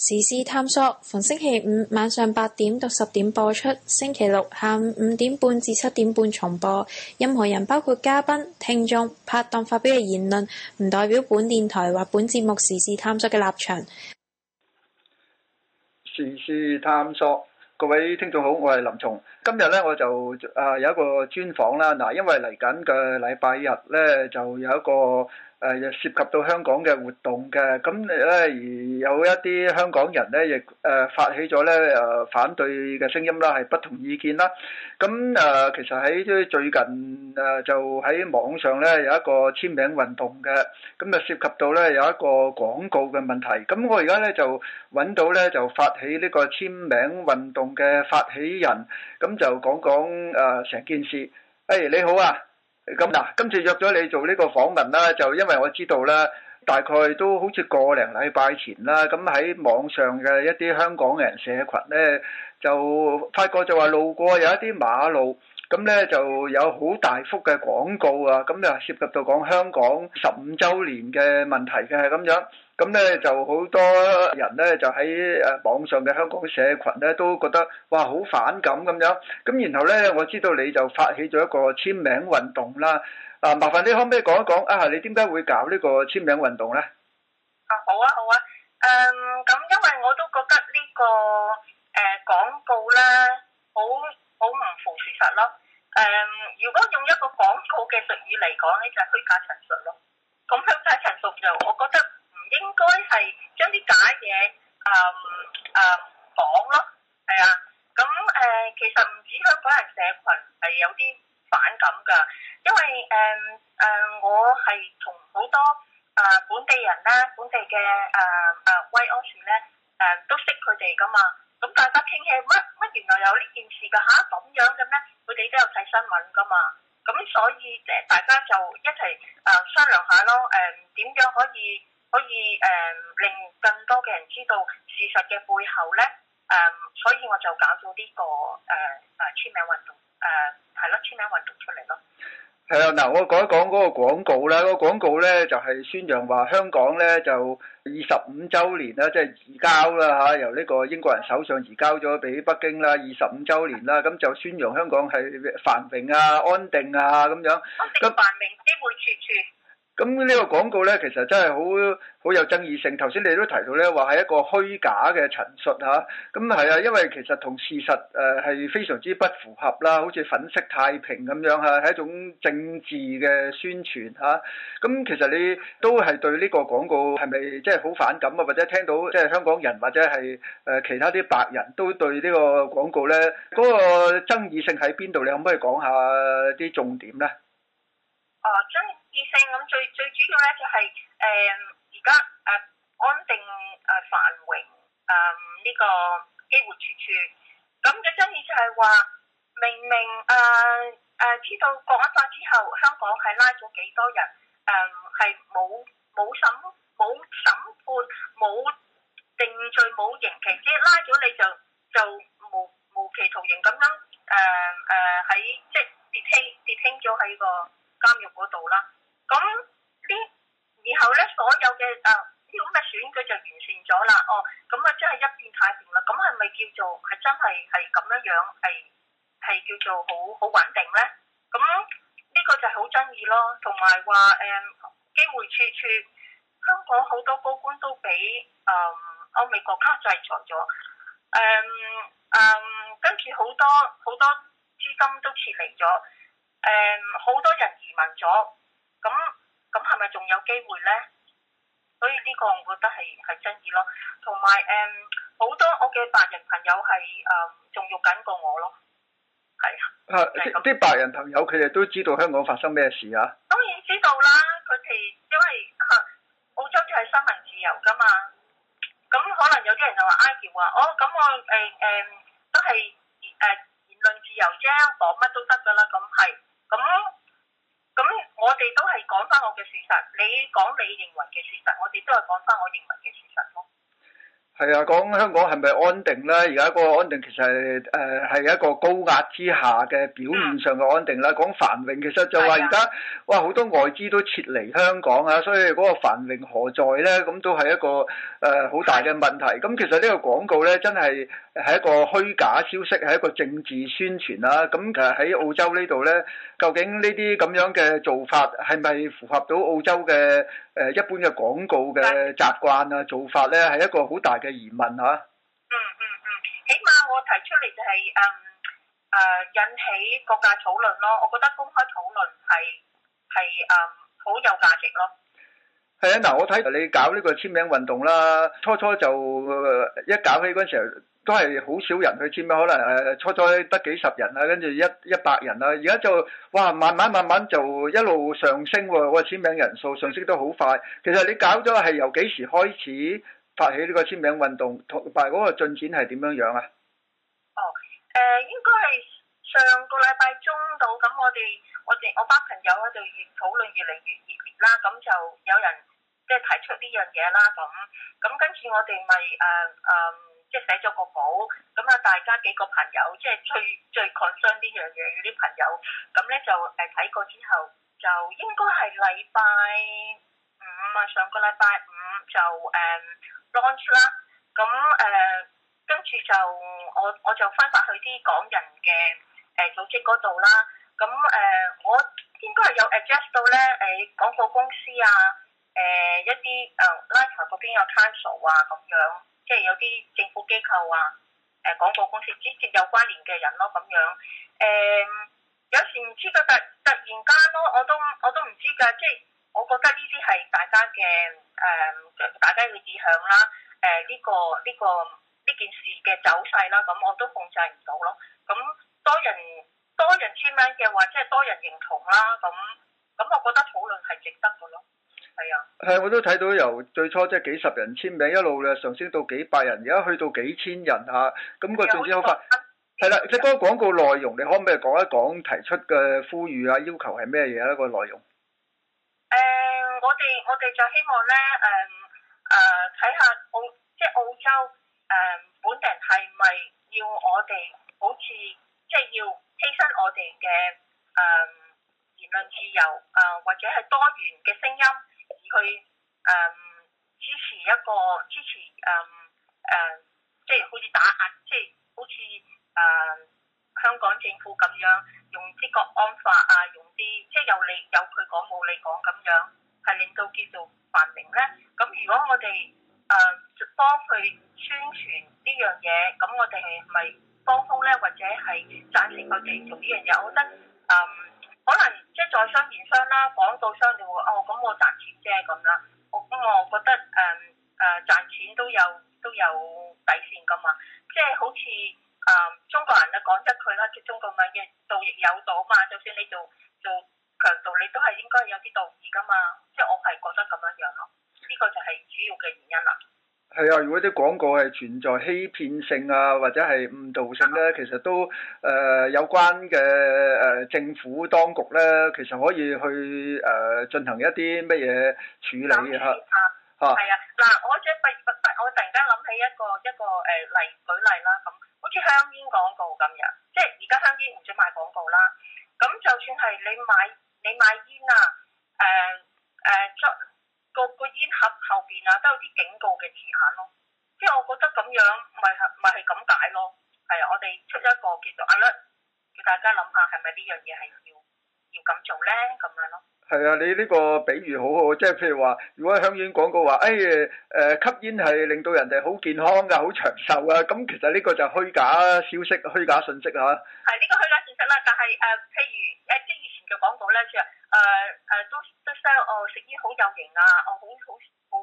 時事探索逢星期五晚上八點到十點播出，星期六下午五點半至七點半重播。任何人，包括嘉賓、聽眾、拍檔發表嘅言論，唔代表本電台或本節目時事探索嘅立場。時事探索，各位聽眾好，我係林松。今日咧，我就啊有一個專訪啦。嗱，因為嚟緊嘅禮拜日咧，就有一個。誒又涉及到香港嘅活動嘅，咁咧而有一啲香港人咧亦誒發起咗咧誒反對嘅聲音啦，係不同意見啦。咁誒其實喺最近誒就喺網上咧有一個簽名運動嘅，咁就涉及到咧有一個廣告嘅問題。咁我而家咧就揾到咧就發起呢個簽名運動嘅發起人，咁就講講誒成件事。誒、哎、你好啊！咁嗱，今次約咗你做呢個訪問啦，就因為我知道咧，大概都好似個零禮拜前啦，咁喺網上嘅一啲香港人社群咧，就發覺就話路過有一啲馬路，咁咧就有好大幅嘅廣告啊，咁就涉及到講香港十五週年嘅問題嘅，係咁樣。咁咧就好多人咧就喺誒網上嘅香港社群咧都覺得哇好反感咁樣，咁然後咧我知道你就發起咗一個簽名運動啦，啊，麻煩你可唔可以講一講啊？你點解會搞呢個簽名運動咧？啊好啊好啊，誒咁因為我都覺得呢個誒廣告咧，好好唔符事實咯。誒如果用一個廣告嘅術語嚟講，呢就係虛假陳述咯。咁虛假陳述就我覺得。應該係將啲假嘢誒誒講咯，係啊。咁、呃、誒，其實唔止香港人社群係有啲反感㗎，因為誒誒、呃呃，我係同好多啊、呃、本地人咧、本地嘅誒誒 White Aussie 咧誒都識佢哋㗎嘛。咁大家傾起乜乜，原來有呢件事㗎吓，咁、啊、樣嘅咩？佢哋都有睇新聞㗎嘛。咁所以誒、呃，大家就一齊誒、呃、商量下咯，誒、呃、點樣可以。可以誒令更多嘅人知道事實嘅背後咧誒、嗯，所以我就搞咗呢、這個誒誒、呃啊、簽名運動誒係咯簽名運動出嚟咯。係啊，嗱我講一講嗰個廣告啦，嗰、那個、廣告咧就係、是、宣揚話香港咧就二十五週年啦，即、就、係、是、移交啦嚇，由呢個英國人手上移交咗俾北京啦，二十五週年啦，咁就宣揚香港係繁榮啊安定啊咁樣。安繁榮機會處處。咁呢個廣告呢，其實真係好好有爭議性。頭先你都提到呢，話係一個虛假嘅陳述嚇。咁、啊、係、嗯、啊，因為其實同事實誒係非常之不符合啦。好似粉飾太平咁樣嚇，係一種政治嘅宣傳嚇。咁、啊嗯、其實你都係對呢個廣告係咪即係好反感啊？或者聽到即係香港人或者係誒其他啲白人都對呢個廣告呢，嗰、那個爭議性喺邊度？你可唔可以講下啲重點呢？哦，爭議性咁最最主要咧，就係誒而家誒安定誒、呃、繁榮誒呢個機會處處，咁嘅爭議就係話明明誒誒、呃、知道國安法之後，香港係拉咗幾多人誒，係冇冇審冇審判冇定罪冇刑期，即係拉咗你就就無無期徒刑咁樣誒誒喺即係 detain detain 咗喺個。監獄嗰度啦，咁呢，然後咧，所有嘅誒呢種嘅選舉就完善咗啦。哦，咁啊，真係一片太平啦。咁係咪叫做係真係係咁樣樣係係叫做好好穩定咧？咁呢、這個就係好爭議咯。同埋話誒機會處處，香港好多高官都俾誒、嗯、歐美國家制裁咗。誒、嗯、誒、嗯，跟住好多好多資金都撤離咗。誒，好、um, 多人移民咗，咁咁係咪仲有機會咧？所以呢個我覺得係係爭議咯。同埋誒，好、um, 多我嘅白人朋友係誒仲要緊過我咯。係啊，啲、嗯、白人朋友佢哋都知道香港發生咩事啊？當然知道啦，佢哋因為澳洲啲係新聞自由噶嘛。咁可能有啲人就話，Ikea，我咁我誒誒都係誒言、嗯、言論自由啫，講乜都得噶啦，咁係。咁咁，我哋都係講翻我嘅事實。你講你認為嘅事實，我哋都係講翻我認為嘅事實咯。係啊，講香港係咪安定呢？而家個安定其實係一個高壓之下嘅表面上嘅安定啦。講繁榮其實就話而家哇好多外資都撤離香港啊，所以嗰個繁榮何在呢？咁都係一個誒好、呃、大嘅問題。咁其實呢個廣告呢，真係係一個虛假消息，係一個政治宣傳啊。咁其實喺澳洲呢度呢，究竟呢啲咁樣嘅做法係咪符合到澳洲嘅？誒一般嘅廣告嘅習慣啊，做法咧，係一個好大嘅疑問嚇、啊嗯。嗯嗯嗯，起碼我提出嚟就係誒誒引起各界討論咯。我覺得公開討論係係誒好有價值咯。係啊，嗱我睇你搞呢個簽名運動啦，初初就一搞起嗰陣時候。都係好少人去簽名，可能誒初初得幾十人啦，跟住一一百人啦。而家就哇，慢慢慢慢就一路上升喎，個簽名人數上升得好快。其實你搞咗係由幾時開始發起呢個簽名運動同埋嗰個進展係點樣樣啊？哦，誒、呃、應該係上個禮拜中到，咁我哋我哋我班朋友喺度越討論越嚟越熱烈啦，咁就有人即係提出呢樣嘢啦，咁咁跟住我哋咪誒誒。呃呃即係寫咗個稿，咁啊大家幾個朋友，即係最最 concern 呢樣嘢啲朋友，咁咧就誒睇過之後，就應該係禮拜五啊，上個禮拜五就誒 launch 啦。咁誒跟住就我我就翻返去啲港人嘅誒、呃、組織嗰度啦。咁誒、呃、我應該係有 adjust 到咧誒廣告公司啊，誒、呃、一啲誒拉頭嗰邊嘅 cancel 啊咁樣。即係有啲政府機構啊、誒、呃、廣告公司直接有關聯嘅人咯咁樣，誒、呃、有時唔知佢突突然間咯，我都我都唔知㗎，即係我覺得呢啲係大家嘅誒、呃、大家嘅意向啦，誒、呃、呢、呢個呢、呢個呢、呢個、件事嘅走勢啦，咁我都控制唔到咯，咁多人多人簽名嘅話，即係多人認同啦，咁咁我覺得討論係值得㗎咯。係啊，係我都睇到由最初即係幾十人簽名，一路咧上升到幾百人，而家去到幾千人啊！咁、個進展好快。係啦，即嗰個廣告內容，的你可唔可以講一講提出嘅呼籲啊、要求係咩嘢咧？個內容？誒、嗯，我哋我哋就希望咧，誒、嗯、誒，睇、呃、下澳即係澳洲誒、嗯，本地人係咪要我哋好似即係要犧牲我哋嘅誒言論自由誒、呃，或者係多元嘅聲音？佢誒、呃、支持一個支持誒誒、呃呃，即係好似打壓，即係好似誒、呃、香港政府咁樣，用啲國安法啊，用啲即係有你有佢講冇你講咁樣，係令到叫做繁榮咧。咁如果我哋誒幫佢宣傳呢樣嘢，咁我哋係咪幫兇咧，或者係贊成佢哋做呢樣嘢？我覺得誒。呃可能即係在商言商啦，廣告商業、哦、就會哦咁我賺錢即係咁啦，咁、嗯、我覺得誒誒賺錢都有都有底線噶嘛，即係好似誒、嗯、中國人咧講得佢啦，叫中國人嘅盜亦有道嘛，就算你做做強盜，你都係應該有啲道義噶嘛，即係我係覺得咁樣樣咯，呢、這個就係主要嘅原因啦。係啊，如果啲廣告係存在欺騙性啊，或者係誤導性咧，其實都誒有關嘅誒政府當局咧，其實可以去誒進行一啲乜嘢處理嚇嚇。係啊，嗱、啊啊，我想突然我突然間諗起一個一個誒例舉例啦，咁好似香煙廣告咁樣，即係而家香煙唔準賣廣告啦。咁就算係你買你買煙啊，誒、啊、誒、啊，個個煙。都有啲警告嘅字眼咯，即係我覺得咁樣咪係咪係咁解咯？係啊，我哋出一個叫做啊啦，叫大家諗下係咪呢樣嘢，係要要咁做咧？咁樣咯。係啊，你呢個比喻好好，即係譬如話，如果喺香港廣告話，誒誒，吸煙係令到人哋好健康噶，好長壽啊，咁其實呢個就係虛假消息、虛假信息啊。係呢個虛假信息啦，但係誒，譬如誒，即係以前嘅廣告咧，即係誒誒都。哦，食煙好有型啊！哦，好好好，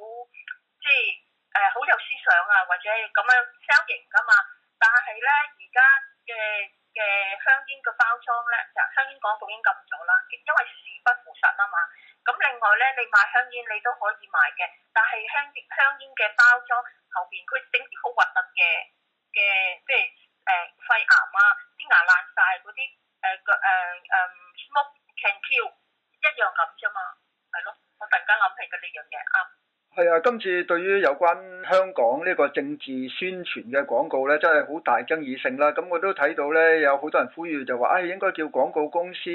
即係誒、呃，好有思想啊，或者咁樣 sell 型噶嘛。但係咧，而家嘅嘅香煙嘅包裝咧，就香煙廣告已經禁咗啦，因為事不符實啊嘛。咁、嗯、另外咧，你買香煙你都可以買嘅，但係香煙香煙嘅包裝後邊佢整啲好核突嘅嘅，即係誒、呃、肺癌啊，啲牙爛晒嗰啲誒誒誒、呃呃呃、smoke can kill 一樣咁啫嘛。係咯，我突然間諗起嘅呢樣嘢啊。係啊，今次對於有關香港呢個政治宣傳嘅廣告咧，真係好大爭議性啦。咁我都睇到咧，有好多人呼籲就話，唉、哎，應該叫廣告公司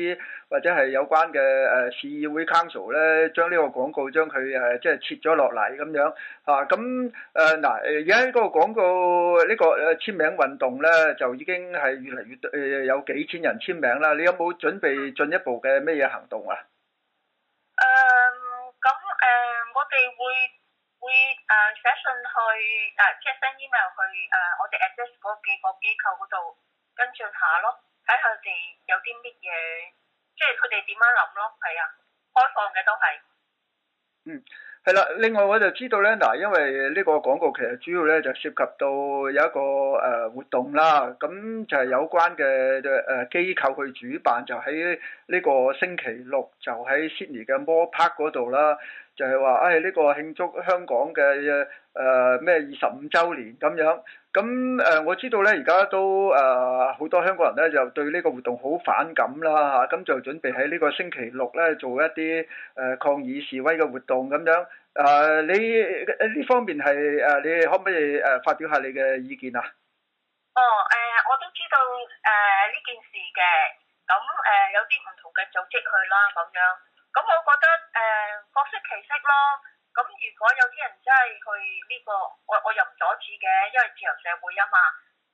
或者係有關嘅誒，市議會 Council 咧，將呢個廣告將佢誒，即係切咗落嚟咁樣。啊、咁、啊、誒，嗱，而家嗰個廣告呢個誒簽名運動咧，就已經係越嚟越誒、呃、有幾千人簽名啦。你有冇準備進一步嘅咩嘢行動啊？誒，我哋會會誒寫信去誒，即係 send email 去誒、uh，我哋 address 嗰幾個機構嗰度跟進下咯，睇下佢哋有啲乜嘢，即係佢哋點樣諗咯，係啊，開放嘅都係，嗯。係啦，另外我就知道咧，嗱，因為呢個廣告其實主要咧就涉及到有一個誒、呃、活動啦，咁就係有關嘅誒機構去主辦，就喺呢個星期六就喺 Sydney 嘅摩帕嗰度啦，就係話唉呢個慶祝香港嘅誒咩二十五週年咁樣。咁誒、嗯，我知道咧，而家都誒好多香港人咧，就對呢個活動好反感啦嚇，咁、嗯、就準備喺呢個星期六咧做一啲誒、呃、抗議示威嘅活動咁樣。誒、呃，你呢方面係誒，你可唔可以誒發表下你嘅意見啊？哦，誒、呃，我都知道誒呢、呃、件事嘅，咁誒、呃、有啲唔同嘅組織去啦咁樣，咁我覺得誒、呃、各適其適咯。咁如果有啲人真係去呢、這個，我我又唔阻止嘅，因為自由社會啊嘛。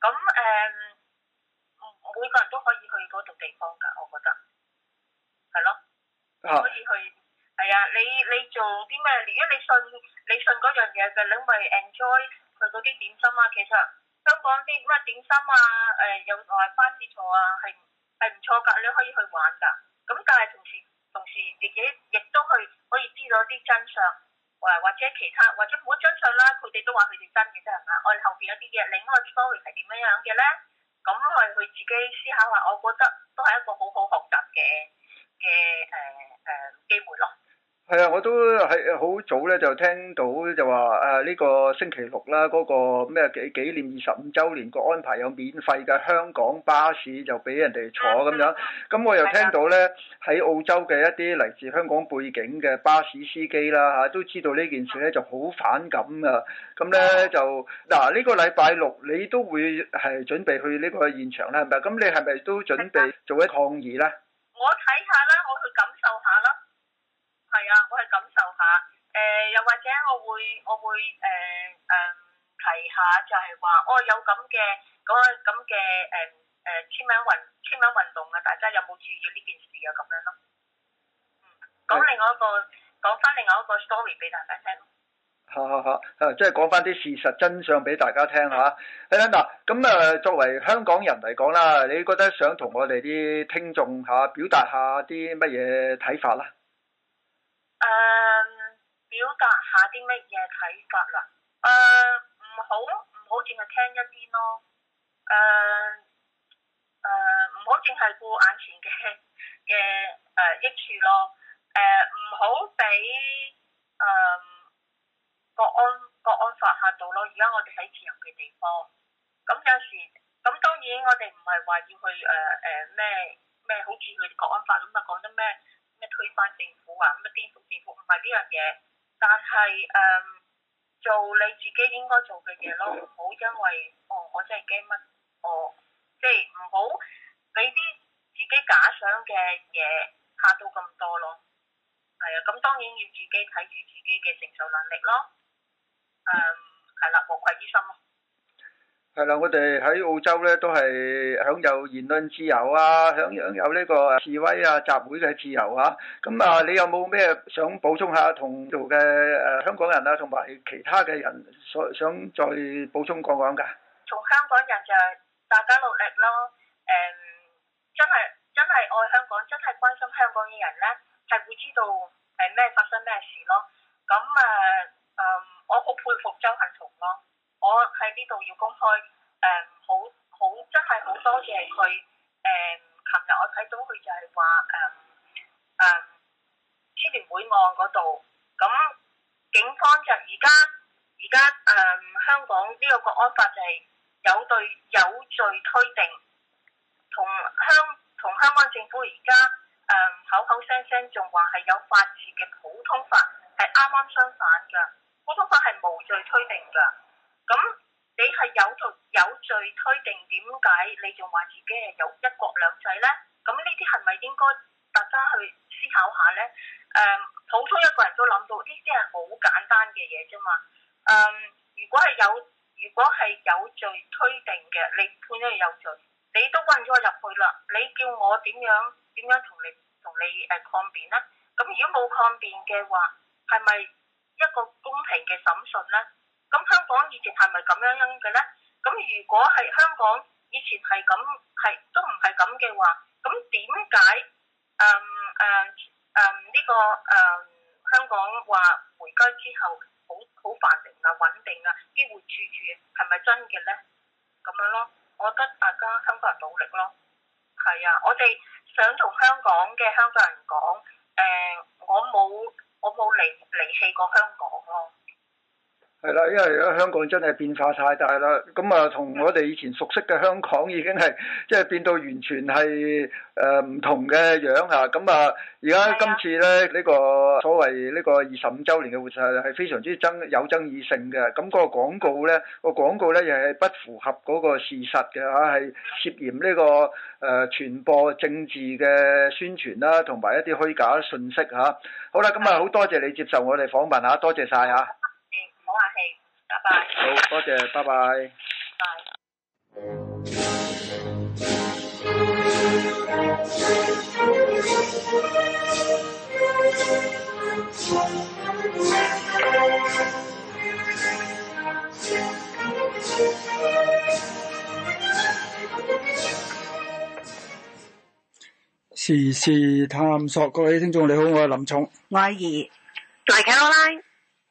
咁誒、嗯，每個人都可以去嗰度地方㗎，我覺得係咯，你可以去係啊。你你做啲咩？如果你信你信嗰樣嘢嘅，你咪 enjoy 佢嗰啲點心啊。其實香港啲乜點心啊，誒有外巴士坐啊，係係唔錯㗎。你可以去玩㗎。咁但係同時同時自己亦都去可以知道啲真相。或或者其他或者唔好相啦，佢哋都話佢哋真嘅啫，係咪？我哋後邊有啲嘢，另外 story 係點樣樣嘅咧？咁係佢自己思考下，我覺得都係一個好好學習嘅嘅誒誒機會咯。係啊，我都係好早咧就聽到就話誒呢個星期六啦，嗰個咩紀紀念二十五週年個安排有免費嘅香港巴士就俾人哋坐咁樣。咁的我又聽到咧喺的澳洲嘅一啲嚟自香港背景嘅巴士司機啦，嚇，都知道呢件事咧就好反感的啊。咁咧就，嗱呢個禮拜六你都會係準備去呢個現場啦，係咪？咁你係咪都準備做一抗議咧？我睇下。啊！我係感受下，誒、呃，又或者我會，我會，誒、呃，誒、呃，提下就係話，哦，有咁嘅，咁咁嘅，誒，誒、呃，簽名運，簽名運動啊，大家有冇注意呢件事啊？咁樣咯，嗯，講另外一個，是講翻另外一個 story 俾是大家聽。好好好，即係講翻啲事實真相俾大家聽吓。誒，嗱，咁啊，作為香港人嚟講啦，你覺得想同我哋啲聽眾吓表達下啲乜嘢睇法啦？誒，uh, 表達下啲乜嘢睇法啦。誒、uh,，唔好唔好淨係聽一邊咯。誒誒，唔好淨係顧眼前嘅嘅誒益處咯。誒、uh,，唔好俾誒國安國安法吓到咯。而家我哋喺自由嘅地方，咁有時咁當然我哋唔係話要去誒誒咩咩，呃呃、好似佢國安法咁啊講啲咩？推翻政府啊！咁啊顛覆政府唔係呢樣嘢，但係誒、嗯，做你自己應該做嘅嘢咯，唔好因為哦，我真係驚乜，哦，即係唔好俾啲自己假想嘅嘢吓到咁多咯。係啊，咁當然要自己睇住自己嘅承受能力咯。誒、嗯，係啦、啊，無愧於心咯、啊。係啦，我哋喺澳洲咧都係享有言論自由啊，享享有呢個示威啊集會嘅自由啊。咁啊，你有冇咩想補充下同做嘅誒香港人啊，同埋其他嘅人所想再補充講講㗎？從香港人就係大家努力咯，誒、嗯，真係真係愛香港，真係關心香港嘅人咧係會知道係咩發生咩事咯。咁誒，嗯，我好佩服周幸彤咯。我喺呢度要公開，誒、嗯，好好真係好多謝佢。誒，琴、嗯、日我睇到佢就係話，誒、嗯，誒、嗯，支聯會案嗰度，咁、嗯、警方就而家，而家誒香港呢個國安法就係有對有罪推定，同香同香港政府而家誒口口聲聲仲話係有法治嘅普通法，係啱啱相反㗎。普通法係無罪推定㗎。咁你係有罪有罪推定，點解你仲話自己係有一國兩制呢？咁呢啲係咪應該大家去思考下呢？誒、嗯，普通一個人都諗到，呢啲係好簡單嘅嘢啫嘛。如果係有，如果係有罪推定嘅，你判咗係有罪，你都揾咗我入去啦，你叫我點樣點樣同你同你抗辯、呃、呢？咁如果冇抗辯嘅話，係咪一個公平嘅審訊呢？咁香港以前係咪咁樣樣嘅咧？咁如果係香港以前係咁係都唔係咁嘅話，咁點解嗯、誒誒呢個誒、呃、香港話回歸之後好好繁榮啊穩定啊，機會處處係咪真嘅咧？咁樣咯，我覺得大家香港人努力咯。係啊，我哋想同香港嘅香港人講，誒、呃，我冇我冇離離棄過香港咯。係啦，因為而家香港真係變化太大啦，咁啊，同我哋以前熟悉嘅香港已經係即係變到完全係誒唔同嘅樣嚇，咁啊，而家今次咧呢個所謂呢個二十五週年嘅活動係非常之爭有爭議性嘅。咁個廣告咧，個廣告咧又係不符合嗰個事實嘅嚇，係涉嫌呢個誒、呃、傳播政治嘅宣傳啦，同埋一啲虛假信息嚇、啊。好啦，咁啊好多謝你接受我哋訪問嚇，多謝晒。嚇。好客氣，拜拜。好多謝，拜拜。拜拜。時事探索，各位聽眾你好，我係林重。拉二，大卡羅拉。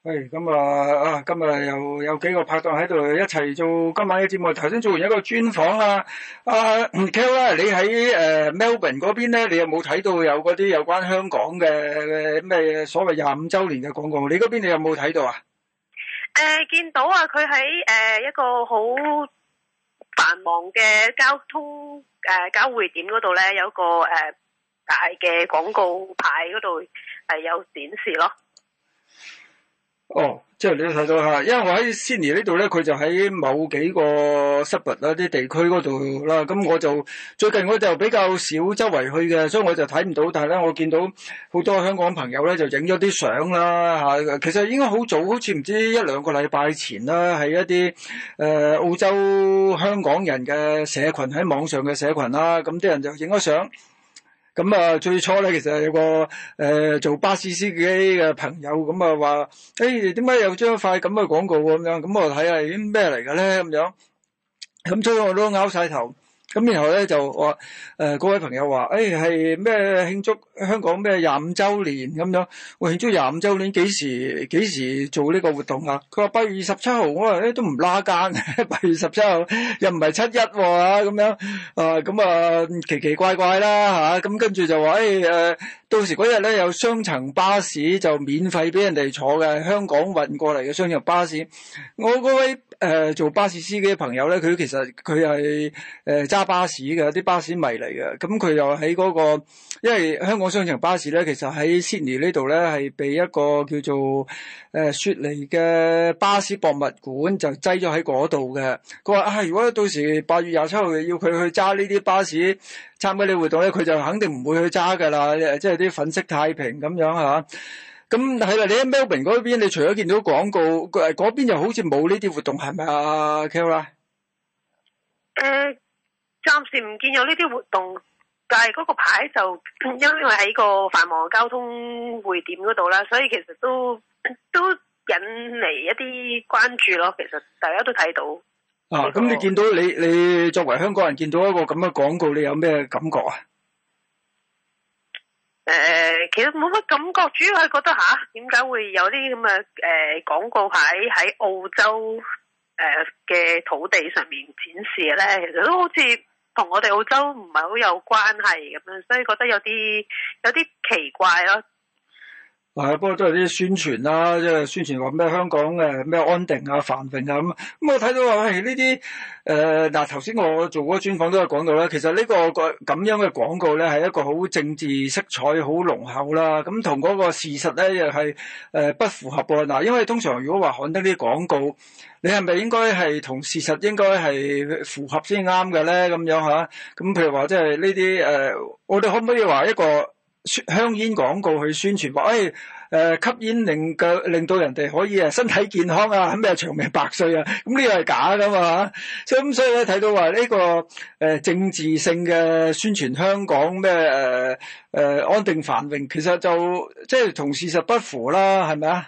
係咁啊！啊，今日又有幾個拍檔喺度一齊做今晚嘅節目。頭先做完一個專訪啊，阿 Kell 啊，你喺誒 Melbourne 嗰邊咧，你有冇睇到有嗰啲有關香港嘅咩所謂廿五週年嘅廣告？你嗰邊你有冇睇到啊？誒，見到啊，佢喺誒一個好繁忙嘅交通誒交匯點嗰度咧，有一個誒大嘅廣告牌嗰度係有展示咯。哦，oh, 即係你都睇到嚇，因為我喺 Sydney 呢度咧，佢就喺某幾個 suburb 嗰啲地區嗰度啦。咁我就最近我就比較少周圍去嘅，所以我就睇唔到。但係咧，我見到好多香港朋友咧就影咗啲相啦嚇。其實應該好早，好似唔知一兩個禮拜前啦，喺一啲誒、呃、澳洲香港人嘅社群喺網上嘅社群啦，咁啲人就影咗相。咁啊，最初咧，其實係有個誒做巴士司機嘅朋友，咁啊，話誒點解有張塊咁嘅廣告咁樣，咁我睇下啲咩嚟嘅咧咁樣，咁所以我都拗晒頭。咁然後咧就話誒，嗰、呃、位朋友話，誒係咩慶祝香港咩廿五周年咁樣？我、哦、慶祝廿五周年幾時？幾時做呢個活動啊？佢話八月十七號，我、哎、話，都唔拉更，八 月十七號又唔係七一喎，啊，咁樣啊咁啊，啊奇奇怪怪啦嚇。咁、啊啊、跟住就話，誒、哎、誒。呃到時嗰日咧有雙層巴士就免費俾人哋坐嘅，香港運過嚟嘅雙層巴士。我嗰位誒、呃、做巴士司機嘅朋友咧，佢其實佢係誒揸巴士嘅，啲巴士迷嚟嘅。咁佢又喺嗰個，因為香港雙層巴士咧，其實喺 Sydney 呢度咧係被一個叫做誒、呃、雪梨嘅巴士博物館就擠咗喺嗰度嘅。佢話啊，如果到時八月廿七號要佢去揸呢啲巴士。參加呢活動咧，佢就肯定唔會去揸噶啦，誒，即係啲粉飾太平咁樣吓。咁係啦，你喺 Melbourne 嗰邊，你除咗見到廣告，誒，嗰邊又好似冇呢啲活動，係咪啊？Kel 啊，誒，暫時唔見有呢啲活動，但係嗰個牌就因為喺個繁忙嘅交通匯點嗰度啦，所以其實都都引嚟一啲關注咯。其實大家都睇到。啊！咁你見到你你作為香港人見到一個咁嘅廣告，你有咩感覺啊？誒、呃，其實冇乜感覺，主要係覺得吓，點、啊、解會有啲咁嘅誒廣告牌喺澳洲誒嘅、呃、土地上面展示咧？其實都好似同我哋澳洲唔係好有關係咁樣，所以覺得有啲有啲奇怪咯。嗱、哎，不過都係啲宣傳啦、啊，即係宣傳話咩香港誒咩安定啊繁榮啊咁。咁、嗯、我睇到話，係呢啲誒嗱，頭先我做嗰個專訪都有講到啦。其實、這個、呢個個咁樣嘅廣告咧，係一個好政治色彩好濃厚啦。咁同嗰個事實咧又係誒不符合噃。嗱，因為通常如果話刊登呢啲廣告，你係咪應該係同事實應該係符合先啱嘅咧？咁樣吓，咁、啊嗯、譬如話即係呢啲誒，我哋可唔可以話一個？香煙廣告去宣傳話，誒、哎，誒、呃，吸煙令嘅令到人哋可以誒身體健康啊，咁又長命百歲啊，咁呢個係假噶嘛吓，咁所以咧睇到話呢、這個誒、呃、政治性嘅宣傳，香港咩誒誒安定繁榮，其實就即係、就是、同事實不符啦，係咪啊？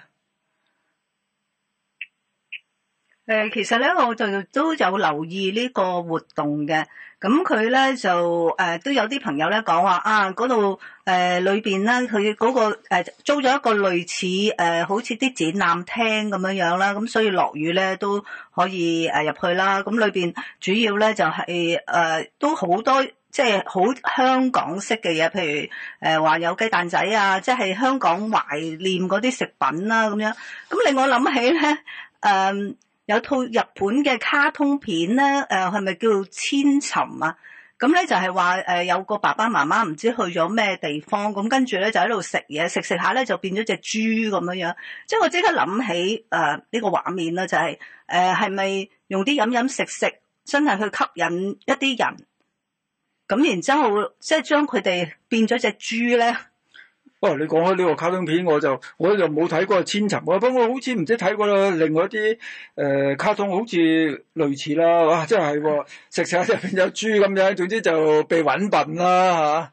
誒、呃，其實咧，我就都有留意呢個活動嘅。咁佢咧就誒、呃、都有啲朋友咧講話啊，嗰度誒裏邊咧佢嗰個、呃、租咗一個類似誒、呃、好似啲展覽廳咁樣樣啦，咁所以落雨咧都可以誒入去啦。咁裏邊主要咧就係、是、誒、呃、都好多即係好香港式嘅嘢，譬如誒話、呃、有雞蛋仔啊，即、就、係、是、香港懷念嗰啲食品啦、啊、咁樣。咁令我諗起咧誒。呃有套日本嘅卡通片咧，誒、呃，係咪叫千尋啊？咁、嗯、咧就係話誒，有個爸爸媽媽唔知去咗咩地方，咁、嗯、跟住咧就喺度食嘢，食食下咧就變咗隻豬咁樣樣，即係我即刻諗起誒呢、呃這個畫面啦，就係誒係咪用啲飲飲食食，食真係去吸引一啲人，咁然之後即係將佢哋變咗隻豬咧？哦，你講開呢個卡通片，我就我就冇睇過《千尋》，不過好似唔知睇過另外一啲誒、呃、卡通，好似類似啦，哇！即係食食入邊有豬咁樣，總之就被揾笨啦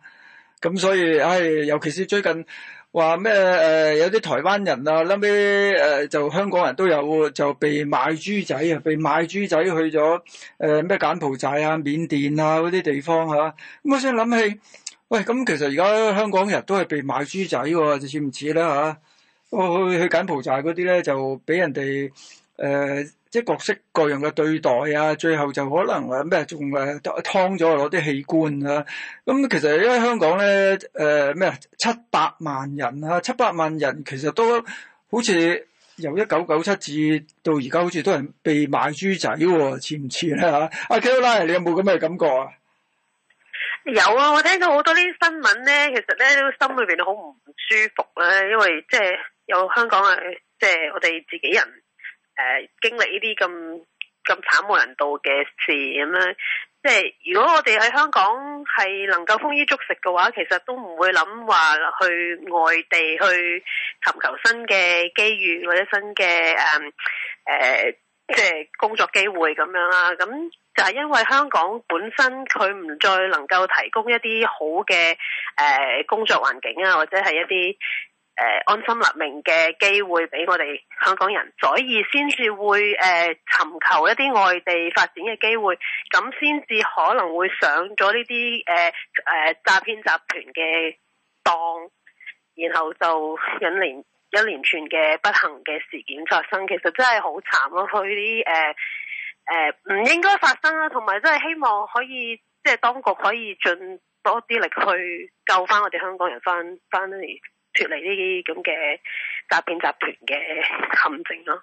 嚇。咁、啊、所以，唉、哎，尤其是最近話咩誒，有啲台灣人啊，後屘誒就香港人都有就被賣豬仔啊，被賣豬仔去咗誒咩柬埔寨啊、緬甸啊嗰啲地方嚇。咁、啊、我先諗起。喂，咁其實而家香港人都係被賣豬仔喎，似唔似咧嚇？去去柬埔寨嗰啲咧，就俾人哋誒即係各式各樣嘅對待啊！最後就可能誒咩仲誒劏咗攞啲器官啊！咁、嗯、其實而家香港咧誒咩七百萬人啊，七百萬人其實都好似由一九九七至到而家，好似都係被賣豬仔喎，似唔似咧嚇？阿、啊、Kelly，你有冇咁嘅感覺啊？有啊，我聽到好多啲新聞呢，其實呢，都心裏邊好唔舒服啦、啊，因為即係、就是、有香港嘅，即、就、係、是、我哋自己人誒、呃、經歷呢啲咁咁慘無人道嘅事咁樣、啊。即、就、係、是、如果我哋喺香港係能夠豐衣足食嘅話，其實都唔會諗話去外地去尋求新嘅機遇或者新嘅誒誒即係工作機會咁樣啦、啊，咁。就係因為香港本身佢唔再能夠提供一啲好嘅誒、呃、工作環境啊，或者係一啲誒、呃、安心立命嘅機會俾我哋香港人，所以先至會誒、呃、尋求一啲外地發展嘅機會，咁先至可能會上咗呢啲誒誒詐騙集團嘅當，然後就引連一連串嘅不幸嘅事件發生。其實真係好慘咯，佢啲誒。呃誒，唔應該發生啦，同埋真係希望可以，即係當局可以盡多啲力去救翻我哋香港人翻翻嚟脫離呢啲咁嘅詐騙集團嘅陷阱咯。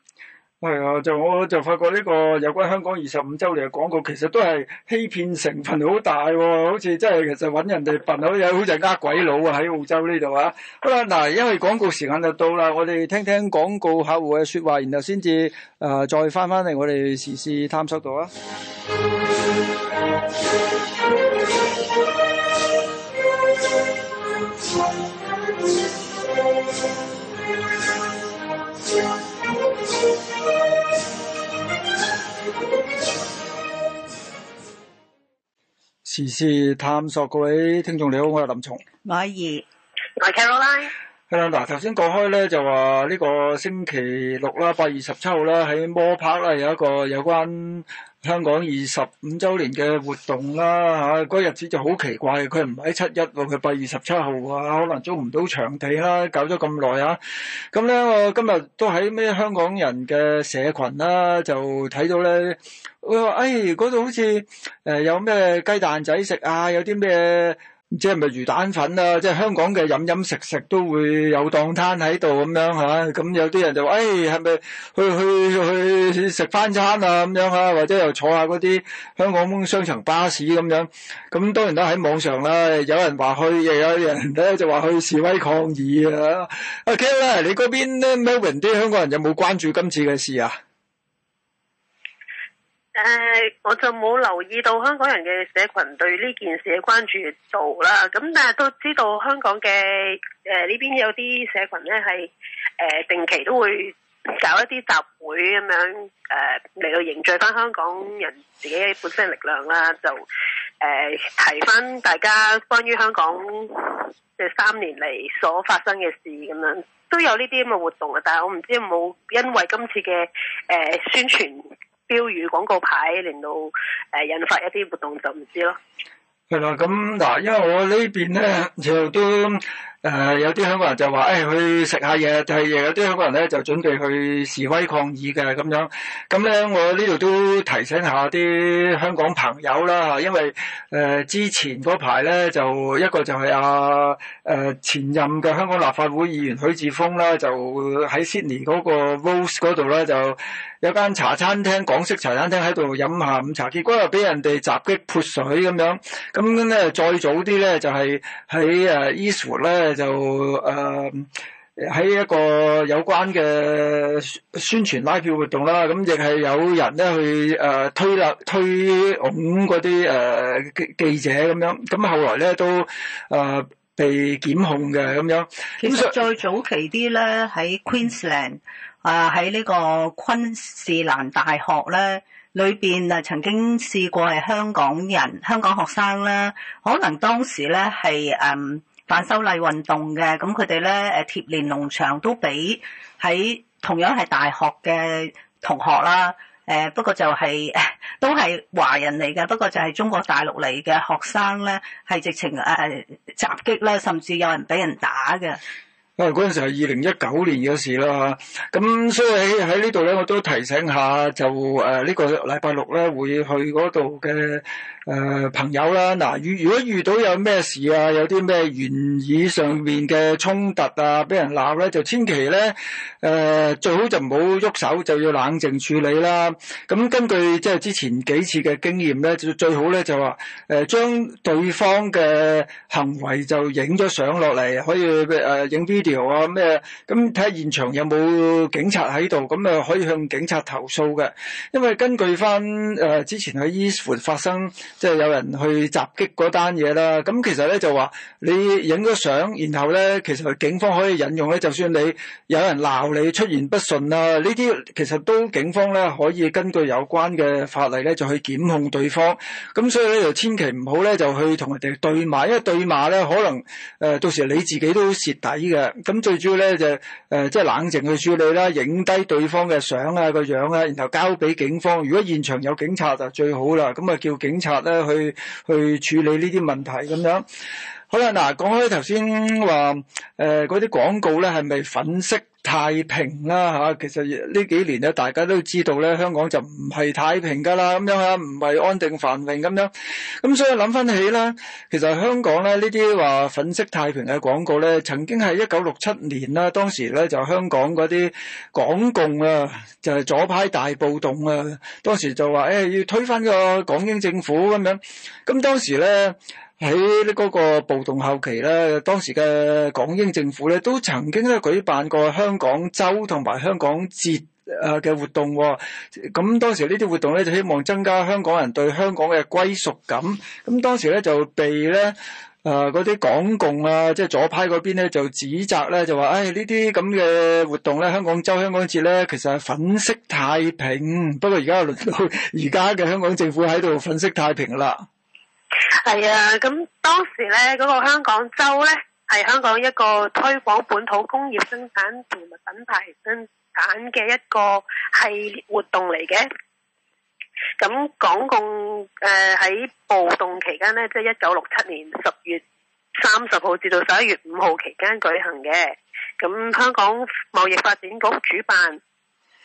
係啊，就我就發覺呢個有關香港二十五周年嘅廣告，其實都係欺騙成分好大喎，好似真係其實搵人哋笨啊，好似呃鬼佬啊，喺澳洲呢度啊。好啦，嗱，因為廣告時間就到啦，我哋聽聽廣告客戶嘅說話，然後先至誒再翻翻嚟我哋時事探索度啊。時事探索，各位聽眾你好，我係林松，馬怡，阿 c a r 係啦。嗱，頭先講開咧，就話呢個星期六啦，八月二十七號啦，喺摩拍啦有一個有關香港二十五周年嘅活動啦。吓，嗰日子就好奇怪，佢唔喺七一喎，佢八月二十七號啊，可能租唔到場地啦，搞咗咁耐啊。咁咧，我今日都喺咩香港人嘅社群啦，就睇到咧。佢話：誒，嗰度好似誒有咩雞蛋仔食啊，有啲咩，唔知係咪魚蛋粉啊？即係香港嘅飲飲食食都會有檔攤喺度咁樣吓。咁有啲人就話：誒，係咪去去去食翻餐啊？咁樣啊，或者又坐下嗰啲香港商場巴士咁樣。咁當然都喺網上啦，有人話去，又有人咧就話去示威抗議啊。阿 Ken 啊，你嗰邊咧，Macron 啲香港人有冇關注今次嘅事啊？誒、呃，我就冇留意到香港人嘅社群對呢件事嘅關注度啦。咁但係都知道香港嘅，誒呢邊有啲社群咧係誒定期都會搞一啲集會咁樣，誒嚟到凝聚翻香港人自己本身力量啦。就誒、呃、提翻大家關於香港嘅三年嚟所發生嘅事咁樣，都有呢啲咁嘅活動啊。但係我唔知有冇因為今次嘅誒、呃、宣傳。標語、廣告牌，令到誒引發一啲活動，就唔知咯。係啦，咁嗱，因為我呢邊咧就都。誒，有啲香港人就話誒、哎、去食下嘢，但係有啲香港人咧就準備去示威抗議嘅咁樣。咁咧，我呢度都提醒一下啲香港朋友啦，吓，因為誒、呃、之前嗰排咧就一個就係啊誒、呃、前任嘅香港立法會議員許智峰啦，就喺 Sydney 嗰個 Rose 嗰度啦，就有間茶餐廳，港式茶餐廳喺度飲下午茶結，結果又俾人哋襲擊潑水咁樣。咁咧再早啲咧就係喺誒 Eastwood 咧，就誒喺一個有關嘅宣傳拉票活動啦，咁亦係有人咧去誒推拉推擁嗰啲誒記者咁樣，咁後來咧都誒被檢控嘅咁樣。其實再早期啲咧喺 Queensland 啊，喺呢個昆士蘭大學咧裏邊啊，曾經試過係香港人、香港學生咧，可能當時咧係誒。反修例運動嘅，咁佢哋咧誒貼連儂牆都俾喺同樣係大學嘅同學啦，誒不過就係都係華人嚟嘅，不過就係、是、中國大陸嚟嘅學生咧，係直情誒、呃、襲擊啦，甚至有人俾人打嘅。因為嗰陣時係二零一九年嘅事啦，咁所以喺喺呢度咧，我都提醒下，就誒、呃這個、呢個禮拜六咧會去嗰度嘅。誒、呃，朋友啦，嗱，遇如果遇到有咩事啊，有啲咩言語上面嘅衝突啊，俾人鬧咧，就千祈咧，誒、呃，最好就唔好喐手，就要冷靜處理啦。咁、嗯、根據即係之前幾次嘅經驗咧，就最好咧就話，誒、呃，將對方嘅行為就影咗相落嚟，可以誒影 video 啊咩，咁睇下現場有冇警察喺度，咁啊可以向警察投訴嘅。因為根據翻誒、呃、之前喺 Eastwood 發生。即係有人去襲擊嗰單嘢啦，咁其實咧就話你影咗相，然後咧其實警方可以引用咧，就算你有人鬧你出言不順啊，呢啲其實都警方咧可以根據有關嘅法例咧就去檢控對方。咁所以咧就千祈唔好咧就去同人哋對罵，因為對罵咧可能誒、呃、到時你自己都蝕底嘅。咁最主要咧就係誒、呃、即係冷靜去處理啦，影低對方嘅相啊個樣啊，然後交俾警方。如果現場有警察就最好啦，咁啊叫警察咧。咧去去處理呢啲問題咁樣好啦，嗱講開頭先話，誒，嗰啲廣告咧係咪粉飾太平啦嚇，其實呢幾年咧，大家都知道咧，香港就唔係太平噶啦，咁樣嚇，唔係安定繁榮咁樣。咁所以諗返起啦，其實香港咧呢啲話粉飾太平嘅廣告咧，曾經係一九六七年啦，當時咧就香港嗰啲港共啊，就係左派大暴動啊，當時就話誒要推翻個港英政府咁樣。咁當時咧。喺呢嗰個暴動後期咧，當時嘅港英政府咧都曾經咧舉辦過香港週同埋香港節誒嘅活動。哦，咁、嗯、當時呢啲活動咧就希望增加香港人對香港嘅歸屬感。咁、嗯、當時咧就被咧誒嗰啲港共啊，即係左派嗰邊咧就指責咧就話，誒呢啲咁嘅活動咧，香港週、香港節咧，其實係粉飾太平。不過而家輪到而家嘅香港政府喺度粉飾太平啦。係啊，咁當時咧嗰個香港周咧，係香港一個推廣本土工業生產同埋品牌生產嘅一個系列活動嚟嘅。咁港共誒喺、呃、暴動期間咧，即係一九六七年十月三十號至到十一月五號期間舉行嘅。咁香港貿易發展局主辦。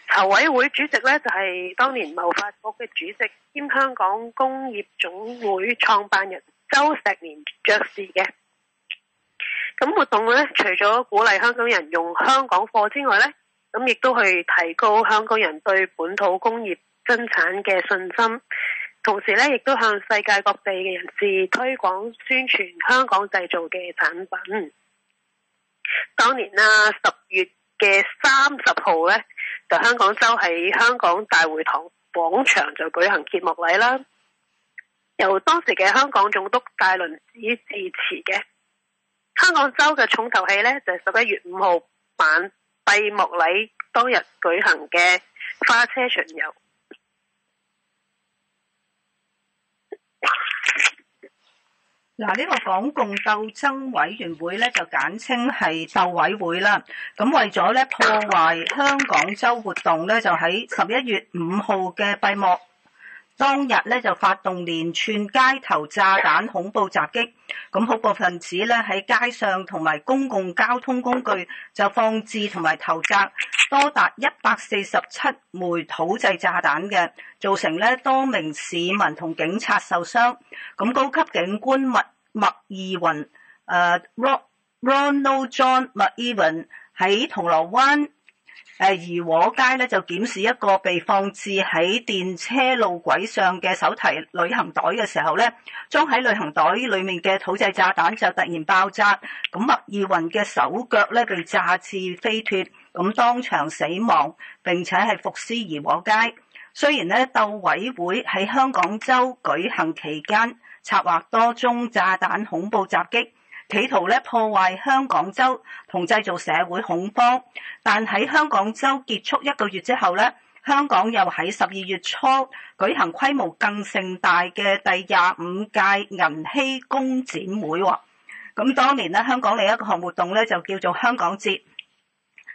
籌委會主席咧就係、是、當年貿發局嘅主席兼香港工業總會創辦人周石年爵士嘅。咁活動咧除咗鼓勵香港人用香港貨之外咧，咁亦都去提高香港人對本土工業生產嘅信心，同時咧亦都向世界各地嘅人士推廣宣傳香港製造嘅產品。當年啦、啊，十月。嘅三十號呢，就香港周喺香港大會堂廣場就舉行揭幕禮啦。由當時嘅香港總督戴麟趾致辭嘅。香港周嘅重頭戲呢，就係十一月五號晚閉幕禮當日舉行嘅花車巡遊。嗱，呢個港共鬥爭委員會咧，就簡稱係鬥委會啦。咁為咗咧破壞香港周活動咧，就喺十一月五號嘅閉幕當日咧，就發動連串街頭炸彈恐怖襲擊。咁恐怖分子咧喺街上同埋公共交通工具就放置同埋投擲。多達一百四十七枚土製炸彈嘅，造成咧多名市民同警察受傷。咁高級警官麥麥義雲誒 Ron、呃、Ronald John 麥義雲喺銅鑼灣誒怡和街咧就檢視一個被放置喺電車路軌上嘅手提旅行袋嘅時候咧，裝喺旅行袋裡面嘅土製炸彈就突然爆炸。咁麥義雲嘅手腳咧被炸至飛脱。咁當場死亡，並且係服屍而和街。雖然咧，鬥委會喺香港州舉行期間策劃多宗炸彈恐怖襲擊，企圖咧破壞香港州同製造社會恐慌，但喺香港州結束一個月之後咧，香港又喺十二月初舉行規模更盛大嘅第廿五屆銀禧工展會。咁當年咧，香港另一個項活動呢，就叫做香港節。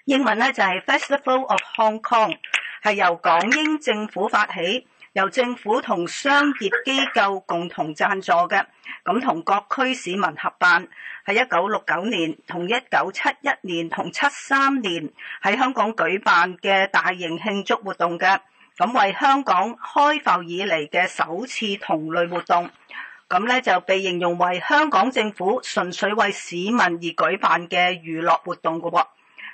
英文咧就係 Festival of Hong Kong，係由港英政府發起，由政府同商業機構共同贊助嘅。咁同各區市民合辦，喺一九六九年、同一九七一年同七三年喺香港舉辦嘅大型慶祝活動嘅。咁為香港開埠以嚟嘅首次同類活動，咁咧就被形容為香港政府純粹為市民而舉辦嘅娛樂活動㗎喎。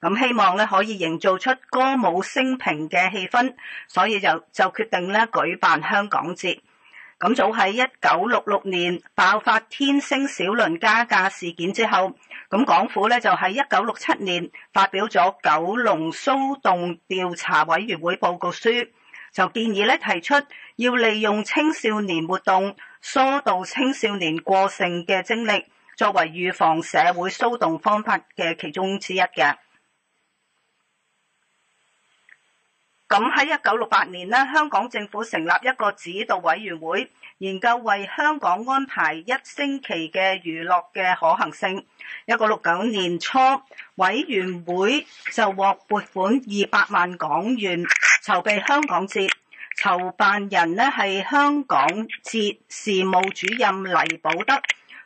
咁希望咧可以營造出歌舞升平嘅氣氛，所以就就決定咧舉辦香港節，咁早喺一九六六年爆發天星小輪加價事件之後，咁港府咧就喺一九六七年發表咗《九龍騷動調查委員會報告書》，就建議咧提出要利用青少年活動疏導青少年過剩嘅精力，作為預防社會騷動方法嘅其中之一嘅。咁喺一九六八年呢，香港政府成立一個指導委員會，研究為香港安排一星期嘅娛樂嘅可行性。一九六九年初，委員會就獲撥款二百萬港元籌備香港節。籌辦人呢，係香港節事務主任黎寶德，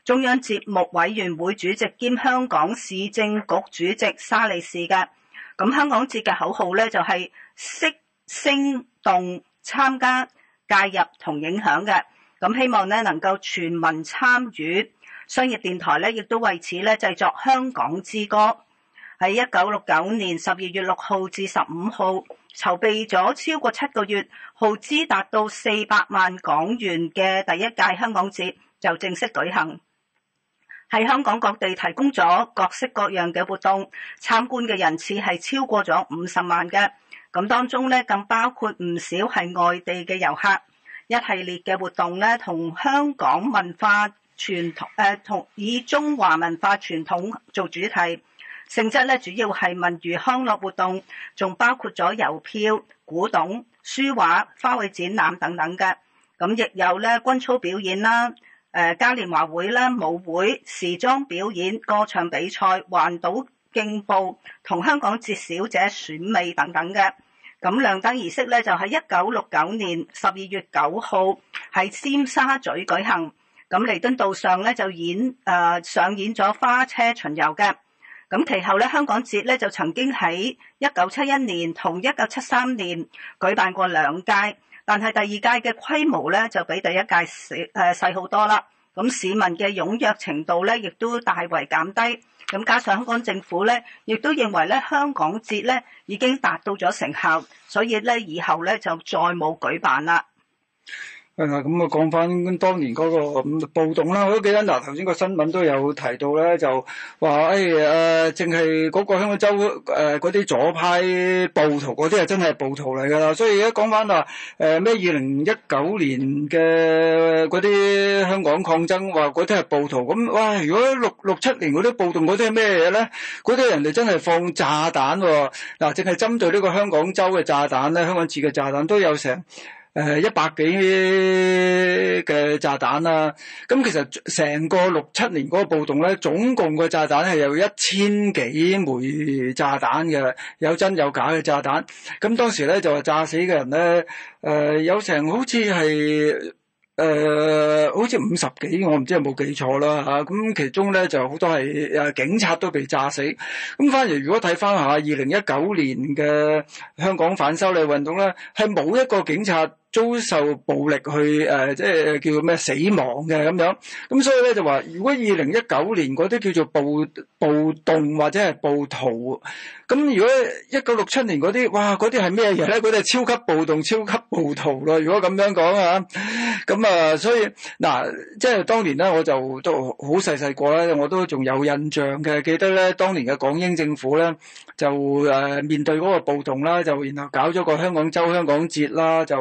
中央節目委員會主席兼香港市政局主席沙利士嘅。咁香港節嘅口號呢，就係、是。聲動參加介入同影響嘅，咁希望呢能夠全民參與。商業電台呢亦都為此呢製作《香港之歌》。喺一九六九年十二月六號至十五號，籌備咗超過七個月，耗資達到四百萬港元嘅第一屆香港節就正式舉行。喺香港各地提供咗各式各樣嘅活動，參觀嘅人次係超過咗五十萬嘅。咁當中咧，更包括唔少係外地嘅遊客，一系列嘅活動咧，同香港文化傳統，誒、呃、同以中華文化傳統做主題，性質咧主要係文娛康樂活動，仲包括咗郵票、古董、書畫、花卉展覽等等嘅，咁亦有咧軍操表演啦、誒嘉年華會啦、舞會、時裝表演、歌唱比賽、環島競步同香港節小姐選美等等嘅，咁亮燈儀式咧就喺一九六九年十二月九號喺尖沙咀舉行，咁彌敦道上咧就演誒、呃、上演咗花車巡遊嘅。咁其後咧，香港節咧就曾經喺一九七一年同一九七三年舉辦過兩屆，但係第二屆嘅規模咧就比第一屆細誒細好多啦。咁市民嘅踴躍程度咧亦都大為減低。咁加上香港政府咧，亦都認為咧香港節咧已經達到咗成效，所以咧以後咧就再冇舉辦啦。係啊，咁我講翻當年嗰個暴動啦，我都記得嗱，頭先個新聞都有提到咧，就話誒誒，淨係嗰個香港州誒嗰啲左派暴徒嗰啲係真係暴徒嚟㗎啦。所以而家講翻話誒咩？二零一九年嘅嗰啲香港抗爭話嗰啲係暴徒，咁、嗯、哇、呃！如果六六七年嗰啲暴動嗰啲係咩嘢咧？嗰啲人哋真係放炸彈喎！嗱、呃，淨係針對呢個香港州嘅炸彈咧，香港市嘅炸彈都有成，誒，一百幾嘅炸彈啦，啊，咁其實成個六七年嗰個暴動咧，總共嘅炸彈係有一千幾枚炸彈嘅，有真有假嘅炸彈。咁當時咧就話炸死嘅人咧，誒、呃、有成好似係誒，好似五十幾，我唔知有冇記錯啦吓。咁其中咧就好多係誒警察都被炸死。咁反而如果睇翻下二零一九年嘅香港反修例運動咧，係冇一個警察遭受暴力去誒、呃，即係叫咩死亡嘅咁樣，咁、嗯、所以咧就話，如果二零一九年嗰啲叫做暴暴動或者係暴徒，咁如果一九六七年嗰啲，哇，嗰啲係咩嘢咧？嗰啲係超級暴動、超級暴徒咯。如果咁樣講啊，咁、嗯、啊，所以嗱、啊，即係當年咧，我就都好細細個咧，我都仲有印象嘅，記得咧當年嘅港英政府咧就誒、呃、面對嗰個暴動啦，就然後搞咗個香港周、香港節啦，就。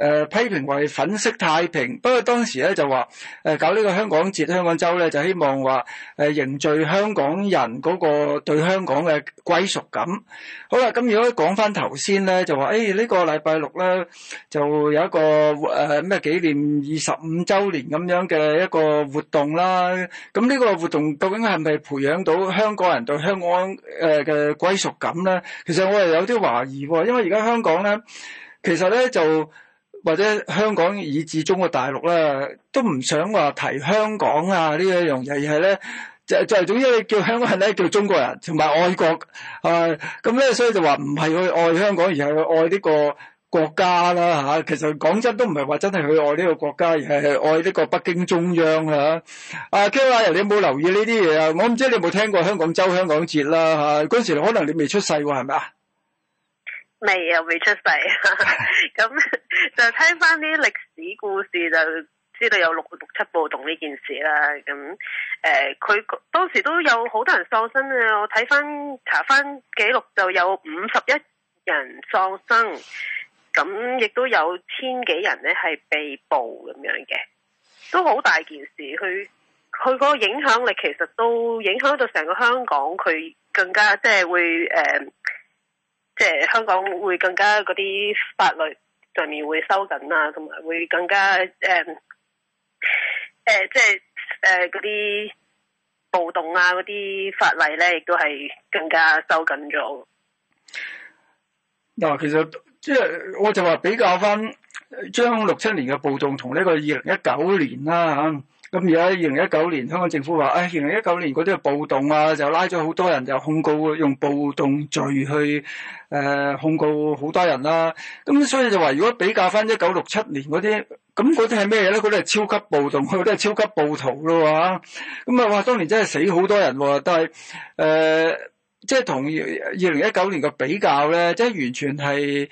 誒批評為粉飾太平，不過當時咧就話誒搞呢個香港節、香港週咧，就希望話誒凝聚香港人嗰個對香港嘅歸屬感。好啦，咁如果講翻頭先咧，就話誒呢個禮拜六咧就有一個誒咩紀念二十五週年咁樣嘅一個活動啦。咁呢個活動究竟係咪培養到香港人對香港誒嘅歸屬感咧？其實我又有啲懷疑喎，因為而家香港咧其實咧就～或者香港以至中國大陸啦，都唔想話提香港啊呢一樣嘢，而係咧就就總之你叫香港人咧叫中國人同埋愛國係咪？咁咧所以就話唔係去愛香港，而係去愛呢個國家啦嚇、啊。其實講真都唔係話真係去愛呢個國家，而係愛呢個北京中央嚇。阿 Keller 你有冇留意呢啲嘢啊？我唔知你有冇聽過香港週香港節啦嚇。嗰、啊、時可能你未出世喎，係咪啊？未又未出世，咁 就聽翻啲歷史故事，就知道有六六七暴動呢件事啦。咁，誒、呃，佢當時都有好多人喪生啊！我睇翻查翻記錄，就有五十一人喪生，咁亦都有千幾人咧係被捕咁樣嘅，都好大件事。佢佢個影響力其實都影響到成個香港，佢更加即係、就是、會誒。呃即係、呃、香港會更加嗰啲法律上面會收緊啦、啊，同埋會更加誒誒、呃呃，即係誒啲暴動啊，嗰啲法例咧，亦都係更加收緊咗。嗱、呃，其實即係、呃、我就話比較翻，將六七年嘅暴動同呢個二零一九年啦、啊、吓。咁而家二零一九年香港政府話，唉、哎，二零一九年嗰啲嘅暴動啊，就拉咗好多人，就控告用暴動罪去誒、呃、控告好多人啦、啊。咁所以就話，如果比較返一九六七年嗰啲，咁嗰啲係咩嘢咧？嗰啲係超級暴動，嗰啲係超級暴徒咯、啊，咁啊，話，當年真係死好多人喎。但係誒，即係同二零一九年嘅比較咧，即、就、係、是、完全係。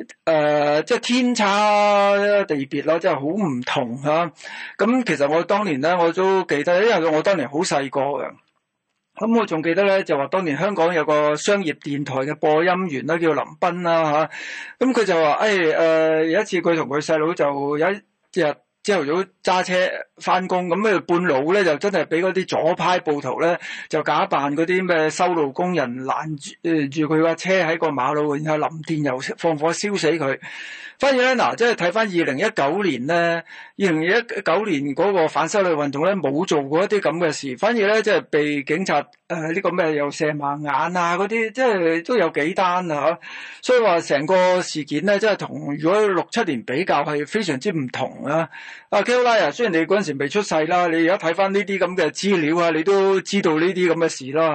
誒、呃，即係天差地別啦，即係好唔同嚇。咁、啊嗯、其實我當年咧，我都記得，因為我當年好細個嘅。咁、嗯、我仲記得咧，就話當年香港有個商業電台嘅播音員啦，叫林斌啦嚇。咁、啊、佢、嗯、就話，誒、哎、誒、呃，有一次佢同佢細佬就有一隻。朝頭早揸車返工，咁咧半路咧就真係俾嗰啲左派暴徒咧，就假扮嗰啲咩修路工人攔住誒住佢架車喺個馬路，然後淋電又放火燒死佢。反而咧，嗱，即係睇返二零一九年咧，二零一九年嗰個反修例運動咧，冇做過一啲咁嘅事。反而咧，即係被警察誒呢、呃這個咩又射盲眼啊嗰啲，即係都有幾單啦吓、啊。所以話成個事件咧，即係同如果六七年比較係非常之唔同啊。阿 Kelly 啊，雖然你嗰陣時未出世啦，你而家睇返呢啲咁嘅資料啊，你都知道呢啲咁嘅事啦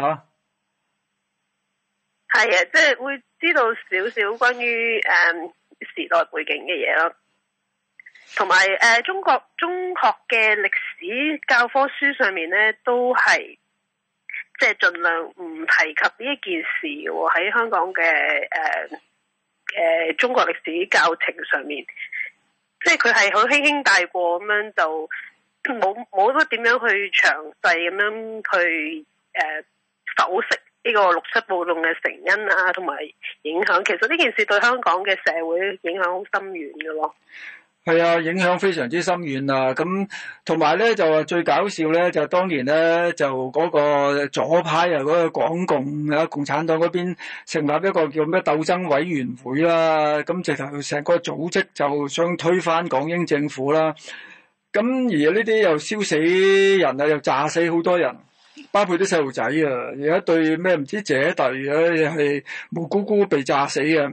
吓。係啊，即係、啊就是、會知道少少關於誒。嗯時代背景嘅嘢咯，同埋誒，中國中學嘅歷史教科書上面咧，都係即係盡量唔提及呢一件事喎。喺香港嘅誒誒，中國歷史教程上面，即係佢係好輕輕帶過咁樣，就冇冇得點樣去詳細咁樣去誒剖析。呃呢個六七暴動嘅成因啊，同埋影響，其實呢件事對香港嘅社會影響好深遠噶咯。係啊，影響非常之深遠啊！咁同埋咧就話最搞笑咧，就當年咧就嗰個左派啊，嗰個港共啊，共產黨嗰邊成立一個叫咩鬥爭委員會啦，咁直頭成個組織就想推翻港英政府啦。咁而呢啲又燒死人啊，又炸死好多人。包括啲細路仔啊！有一對咩唔知姐弟啊，又係無辜辜被炸死啊。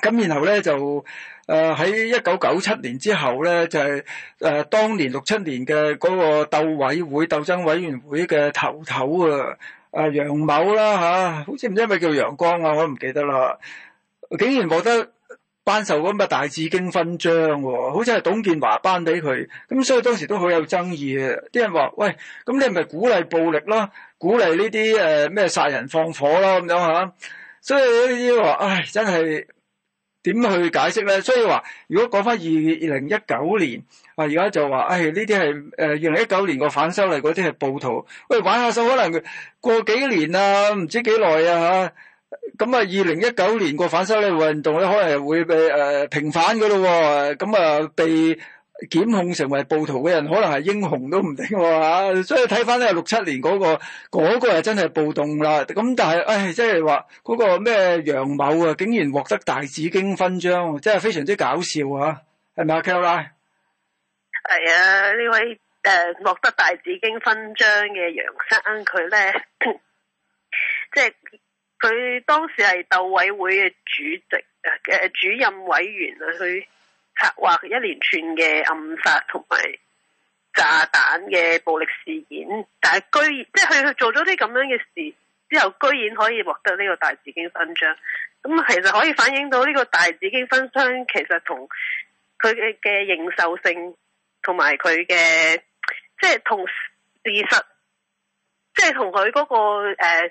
咁然後咧就誒喺一九九七年之後咧就係、是、誒、呃、當年六七年嘅嗰個鬥委會、鬥爭委員會嘅頭頭啊，啊楊某啦吓，好似唔知係咪叫楊光啊，我都唔記得啦，竟然獲得頒授咁嘅大紫荊勳章喎，好似係董建華頒俾佢，咁所以當時都好有爭議啊！啲人話，喂，咁你咪鼓勵暴力咯？鼓勵呢啲誒咩殺人放火咯？咁樣吓，所以呢啲話，唉，真係點去解釋咧？所以話，如果講翻二零一九年，啊，而家就話，唉，呢啲係誒，二零一九年個反修例嗰啲係暴徒，喂，玩下手，可能過幾年啊，唔知幾耐啊吓。咁啊，二零一九年個反修例運動咧，可能係會被誒、呃、平反噶咯、哦，咁、嗯、啊被檢控成為暴徒嘅人，可能係英雄都唔定，吓、啊，所以睇翻咧六七年嗰、嗰個嗰、嗰個係真係暴動啦。咁但係，唉、哎，即係話嗰個咩楊某啊，竟然獲得大紫荊勳章，真係非常之搞笑啊！係咪阿 Kelvin？係啊，呢、啊、位誒獲、呃、得大紫荊勳章嘅楊生，佢咧即係。 就是佢當時係鬥委會嘅主席誒嘅、呃、主任委員啊，去策劃一連串嘅暗殺同埋炸彈嘅暴力事件，但係居然即係佢做咗啲咁樣嘅事之後，居然可以獲得呢個大紫荊勳章，咁、嗯、其實可以反映到呢個大紫荊勳章其實同佢嘅嘅認受性同埋佢嘅即係同事實，即係同佢嗰個誒。呃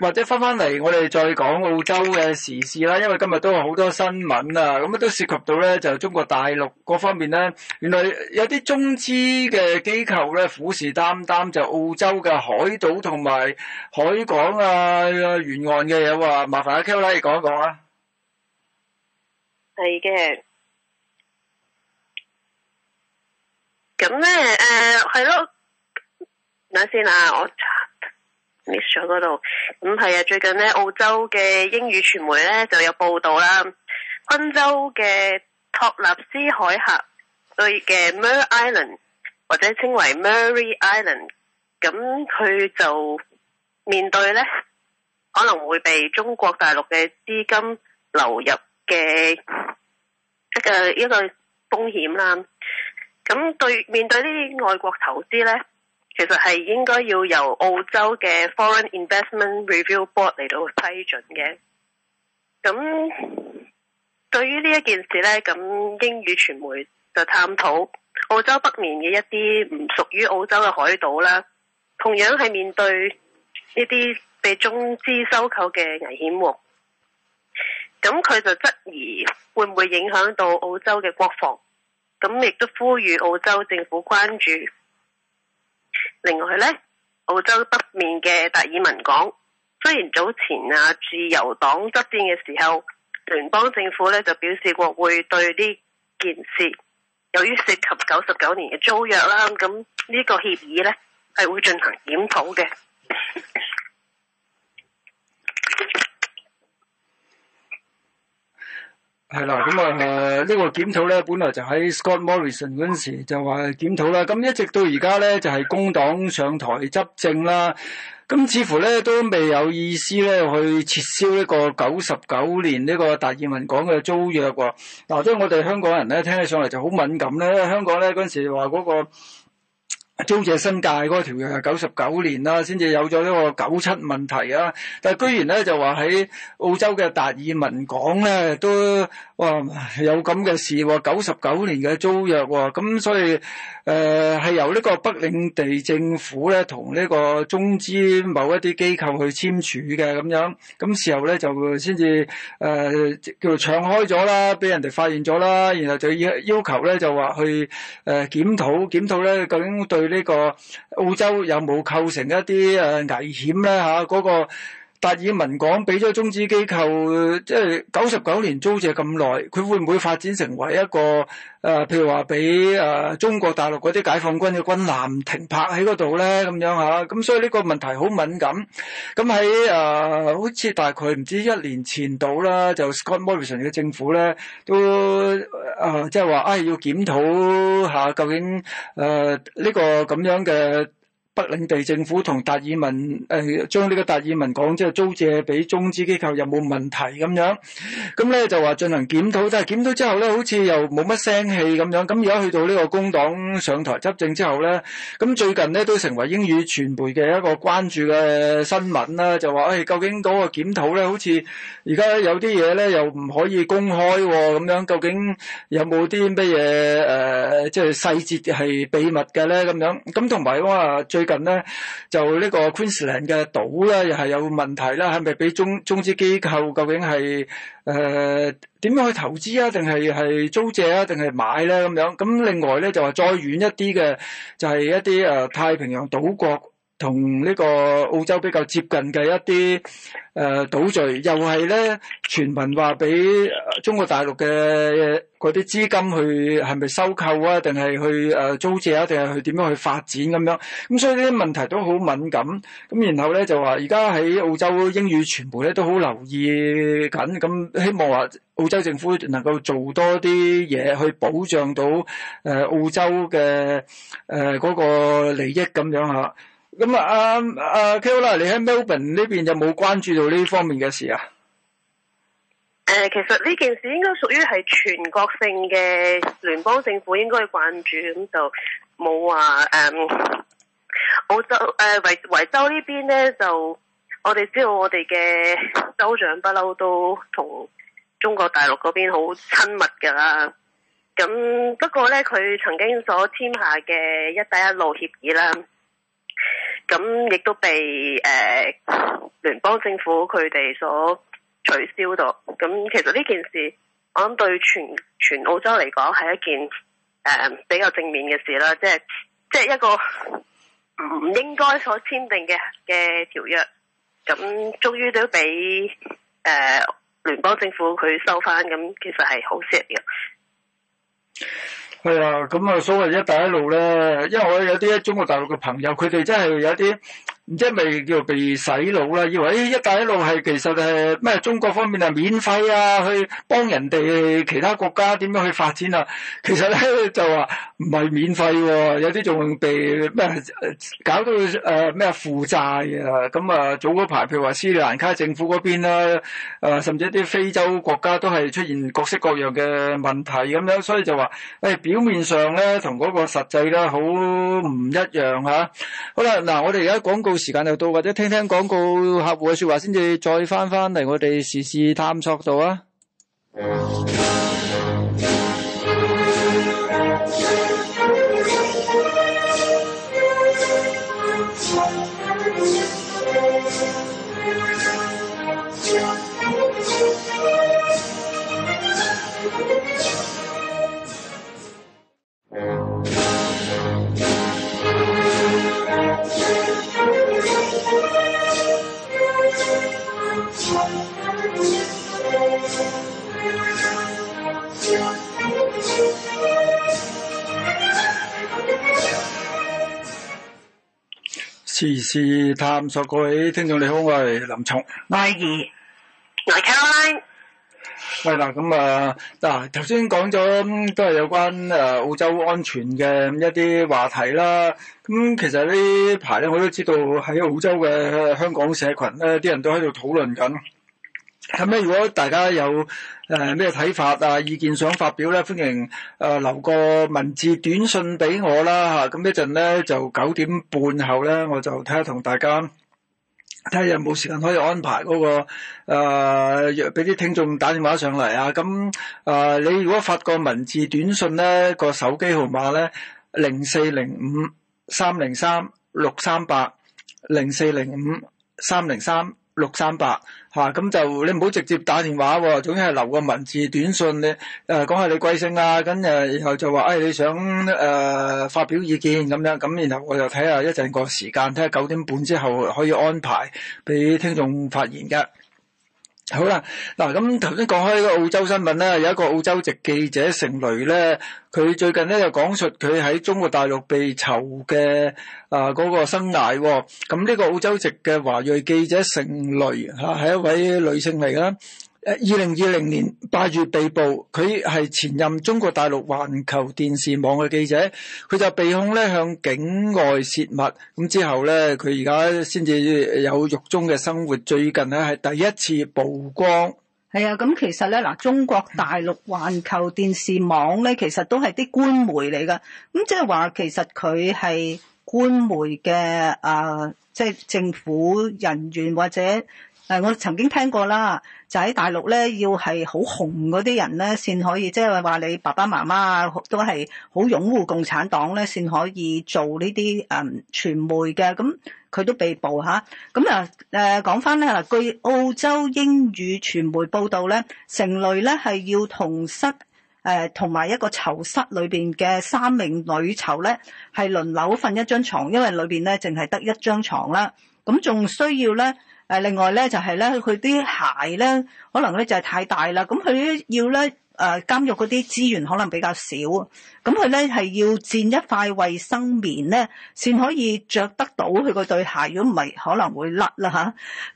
或者翻翻嚟，我哋再講澳洲嘅時事啦，因為今日都有好多新聞啊，咁都涉及到咧就中國大陸嗰方面咧，原來有啲中資嘅機構咧虎視眈眈，就是，澳洲嘅海島同埋海港啊，沿岸嘅嘢，話麻煩阿 Q 啦，你講一講啊。係嘅，like, 啊。咁咧，誒，係、呃、咯。等下先啊，我。miss 咗嗰度，咁係啊！最近咧，澳洲嘅英語傳媒咧就有報道啦，昆州嘅托納斯海峽對嘅 Mer Island 或者稱為 Murray Island，咁佢就面對咧可能會被中國大陸嘅資金流入嘅一個一個風險啦。咁對面對呢啲外國投資咧。其實係應該要由澳洲嘅 Foreign Investment Review Board 嚟到批准嘅。咁對於呢一件事呢，咁英語傳媒就探討澳洲北面嘅一啲唔屬於澳洲嘅海島啦，同樣係面對呢啲被中資收購嘅危險喎。咁佢就質疑會唔會影響到澳洲嘅國防，咁亦都呼籲澳洲政府關注。另外，咧澳洲北面嘅達爾文港，雖然早前啊自由黨執政嘅時候，聯邦政府咧就表示過會對呢件事，由於涉及九十九年嘅租約啦，咁呢個協議咧係會進行檢討嘅。 係啦，咁啊，呃這個、檢討呢個檢討咧，本來就喺 Scott Morrison 嗰陣時就話檢討啦，咁一直到而家咧，就係、是、工黨上台執政啦，咁似乎咧都未有意思咧去撤銷呢個九十九年呢個達爾文港嘅租約喎。嗱、呃，即係我哋香港人咧，聽起上嚟就好敏感咧。香港咧嗰陣時話嗰、那個。租借新界個條約係九十九年啦，先至有咗呢個九七問題啊，但係居然咧就話喺澳洲嘅達爾文港咧都哇有咁嘅事九十九年嘅租約，喎，咁所以誒係、呃、由呢個北領地政府咧同呢個中資某一啲機構去簽署嘅咁樣咁時候咧就先至誒叫做唱開咗啦，俾人哋發現咗啦，然後就要要求咧就話去誒檢討檢討咧究竟對。呢個澳洲有冇構成一啲誒危險咧？吓，嗰個。達爾文港俾咗中資機構，即係九十九年租借咁耐，佢會唔會發展成為一個誒、呃？譬如話俾誒中國大陸嗰啲解放軍嘅軍艦停泊喺嗰度咧咁樣嚇？咁、啊啊、所以呢個問題好敏感。咁喺誒，好似大概唔知一年前度啦，就 Scott Morrison 嘅政府咧都誒，即係話誒要檢討下究竟誒呢、啊這個咁、啊這個、樣嘅。北領地政府同達爾文誒、呃、將呢個達爾文港即係租借俾中資機構有冇問題咁樣？咁咧就話進行檢討，但係檢討之後咧，好似又冇乜聲氣咁樣。咁而家去到呢個工黨上台執政之後咧，咁最近呢都成為英語傳媒嘅一個關注嘅新聞啦。就話誒、欸，究竟嗰個檢討咧，好似而家有啲嘢咧又唔可以公開咁、哦、樣，究竟有冇啲乜嘢誒，即、呃、係、就是、細節係秘密嘅咧咁樣？咁同埋話，最近咧就呢個 Queensland 嘅島咧又係有問題啦，係咪俾中中資機構究竟係誒點樣去投資啊？定係係租借啊？定係買咧咁樣。咁另外咧就話再遠一啲嘅就係、是、一啲誒、呃、太平洋島國。同呢個澳洲比較接近嘅一啲誒島嶼，又係咧傳聞話俾中國大陸嘅嗰啲資金去係咪收購啊？定係去誒租借啊？定係去點樣去發展咁樣？咁所以呢啲問題都好敏感。咁然後咧就話而家喺澳洲英語傳媒咧都好留意緊，咁希望話澳洲政府能夠做多啲嘢去保障到誒澳洲嘅誒嗰個利益咁樣嚇。咁啊，阿、啊、阿 k e 你喺 Melbourne 呢邊就冇關注到呢方面嘅事啊？誒、呃，其實呢件事應該屬於係全國性嘅，聯邦政府應該去關注，咁就冇話誒，澳洲誒維維州邊呢邊咧，就我哋知道我哋嘅州長不嬲都同中國大陸嗰邊好親密㗎喇。咁不過咧，佢曾經所簽下嘅一帶一路協議啦。咁亦都被誒、呃、聯邦政府佢哋所取消到。咁、嗯、其實呢件事，我諗對全全澳洲嚟講係一件誒、呃、比較正面嘅事啦。即係即係一個唔應該所簽訂嘅嘅條約，咁、嗯、終於都俾誒、呃、聯邦政府佢收翻。咁、嗯、其實係好 sad 嘅。係啊，咁啊所謂一帶一路咧，因為我有啲中國大陸嘅朋友，佢哋真係有啲。唔知係咪叫被洗腦啦？以為誒一帶一路係其實係咩中國方面係免費啊，去幫人哋其他國家點樣去發展啊？其實咧就話唔係免費喎，有啲仲被咩搞到誒咩負債啊？咁啊早排譬如話斯里蘭卡政府嗰邊啦，誒、啊、甚至啲非洲國家都係出現各式各樣嘅問題咁樣、啊，所以就話誒、哎、表面上咧同嗰個實際咧好唔一樣吓、啊、好啦，嗱我哋而家廣告。時間又到，或者聽聽廣告客戶嘅說話，先至再翻翻嚟我哋時事探索度啊！ 時事探索，各位聽眾你好，我係林松。奈爾心，奈卡拉。係啦，咁啊，嗱，頭先講咗都係有關誒澳洲安全嘅一啲話題啦。咁其實呢排咧，我都知道喺澳洲嘅香港社群咧，啲人都喺度討論緊。係咩？如果大家有誒咩睇法啊、意見想發表咧，歡迎誒、呃、留個文字短信俾我啦嚇。咁一陣咧就九點半後咧，我就睇下同大家睇下有冇時間可以安排嗰、那個誒，約俾、呃、啲聽眾打電話上嚟啊。咁、呃、誒，你如果發個文字短信咧，個手機號碼咧零四零五三零三六三八零四零五三零三。六三八吓，咁、啊、就你唔好直接打電話喎、哦，總之係留個文字短信你誒，講、呃、下你貴姓啊，咁誒，然後就話：誒、哎，你想誒、呃、發表意見咁樣。咁然後我就睇下一陣個時間，睇下九點半之後可以安排俾聽眾發言嘅。好啦，嗱咁頭先講開呢個澳洲新聞咧，有一個澳洲籍記者成蕾咧，佢最近咧就講述佢喺中國大陸被囚嘅啊嗰、那個生涯、哦。咁呢個澳洲籍嘅華裔記者成蕾吓係、啊、一位女性嚟㗎。二零二零年八月被捕，佢係前任中國大陸環球電視網嘅記者，佢就被控咧向境外洩密。咁之後咧，佢而家先至有獄中嘅生活，最近咧係第一次曝光。係啊，咁其實咧嗱，中國大陸環球電視網咧，其實都係啲官媒嚟噶。咁即係話，其實佢係官媒嘅啊，即係政府人員或者。誒，我曾經聽過啦，就喺、是、大陸咧，要係好紅嗰啲人咧，先可以即係話你爸爸媽媽啊，都係好擁護共產黨咧，先可以做呢啲誒傳媒嘅。咁、嗯、佢都被捕嚇。咁啊誒，講翻咧嗱，據澳洲英語傳媒報道咧，成蕾咧係要同室誒、呃、同埋一個囚室裏邊嘅三名女囚咧係輪流瞓一張床，因為裏邊咧淨係得一張床啦。咁、嗯、仲需要咧。誒，另外咧就係咧，佢啲鞋咧可能咧就係太大啦，咁佢要咧，誒監獄嗰啲資源可能比較少，咁佢咧係要墊一塊衛生棉咧，先可以着得到佢個對鞋，如果唔係可能會甩啦嚇。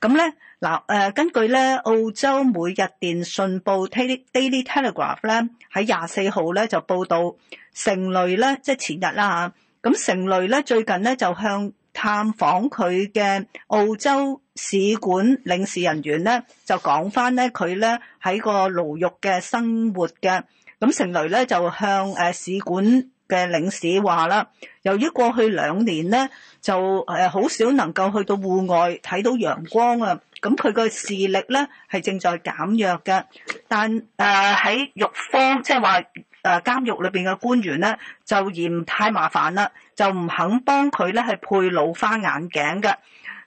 咁咧嗱誒，根據咧澳洲每日電訊報 Daily Telegraph 咧喺廿四號咧就報道，成蕾咧即係前日啦嚇，咁成蕾咧最近咧就向探訪佢嘅澳洲使館領事人員咧，就講翻咧佢咧喺個牢獄嘅生活嘅，咁成蕾咧就向誒使館嘅領事話啦，由於過去兩年咧就誒好少能夠去到戶外睇到陽光啊，咁佢個視力咧係正在減弱嘅，但誒喺獄方即係話。就是誒監獄裏邊嘅官員咧，就嫌太麻煩啦，就唔肯幫佢咧係配老花眼鏡嘅。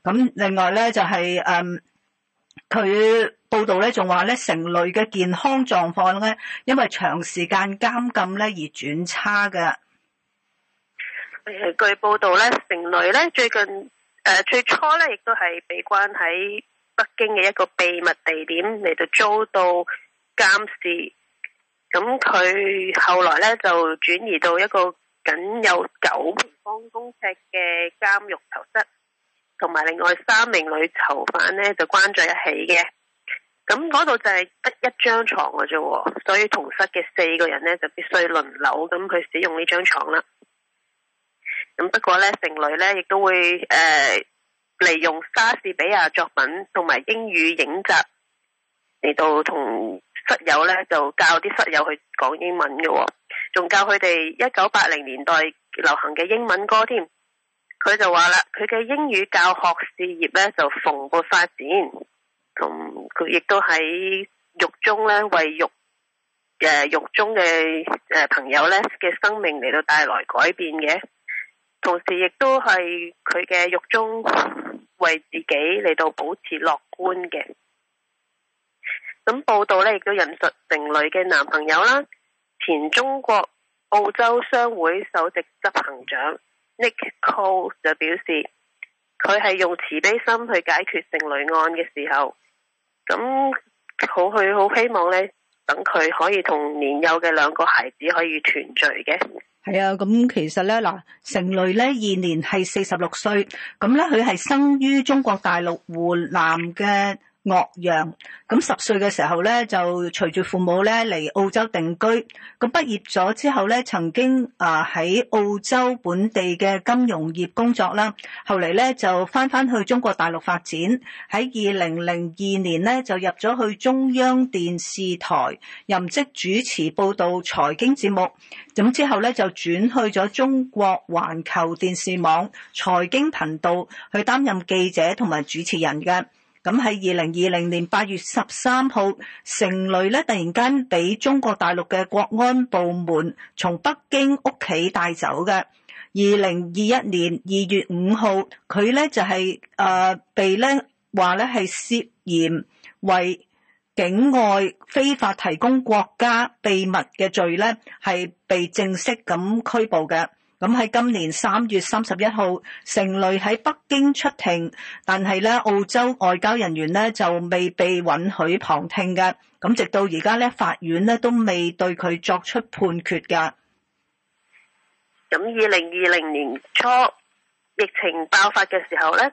咁另外咧就係、是、誒，佢、嗯、報道咧仲話咧，成蕾嘅健康狀況咧，因為長時間監禁咧而轉差嘅。誒據報道咧，成蕾咧最近誒、呃、最初咧亦都係被關喺北京嘅一個秘密地點嚟到遭到監視。咁佢後來咧就轉移到一個僅有九平方公尺嘅監獄囚室，同埋另外三名女囚犯咧就關在一起嘅。咁嗰度就係得一張牀嘅啫，所以同室嘅四個人咧就必須輪流咁佢使用呢張床啦。咁不過咧，成蕾咧亦都會誒、呃、利用莎士比亞作品同埋英語影集嚟到同室友咧就教啲室友去講英文嘅。哦，仲教佢哋一九八零年代流行嘅英文歌添。佢就話啦，佢嘅英語教學事業咧就蓬勃發展，同佢亦都喺獄中咧為獄誒獄中嘅誒朋友咧嘅生命嚟到帶來改變嘅，同時亦都係佢嘅獄中為自己嚟到保持樂觀嘅。咁報道呢，亦都引述成蕾嘅男朋友啦，前中國澳洲商會首席執行長 Nick Cole 就表示，佢係用慈悲心去解決成蕾案嘅時候，咁好佢好希望呢，等佢可以同年幼嘅兩個孩子可以團聚嘅。係啊，咁、嗯、其實呢，嗱、呃，成蕾呢，現年係四十六歲，咁、嗯、呢，佢係生於中國大陸湖南嘅。岳陽，咁十歲嘅時候咧，就隨住父母咧嚟澳洲定居。咁畢業咗之後咧，曾經啊喺澳洲本地嘅金融業工作啦，後嚟咧就翻翻去中國大陸發展。喺二零零二年咧就入咗去中央電視台，任職主持報道財經節目。咁之後咧就轉去咗中國環球電視網財經頻道，去擔任記者同埋主持人嘅。咁喺二零二零年八月十三號，成蕾咧突然間俾中國大陸嘅國安部門從北京屋企帶走嘅。二零二一年二月五號，佢咧就係誒被咧話咧係涉嫌為境外非法提供國家秘密嘅罪咧，係被正式咁拘捕嘅。咁喺今年三月三十一號，成蕾喺北京出庭，但係咧澳洲外交人員呢就未被允許旁聽嘅。咁直到而家咧，法院呢都未對佢作出判決噶。咁二零二零年初疫情爆發嘅時候咧，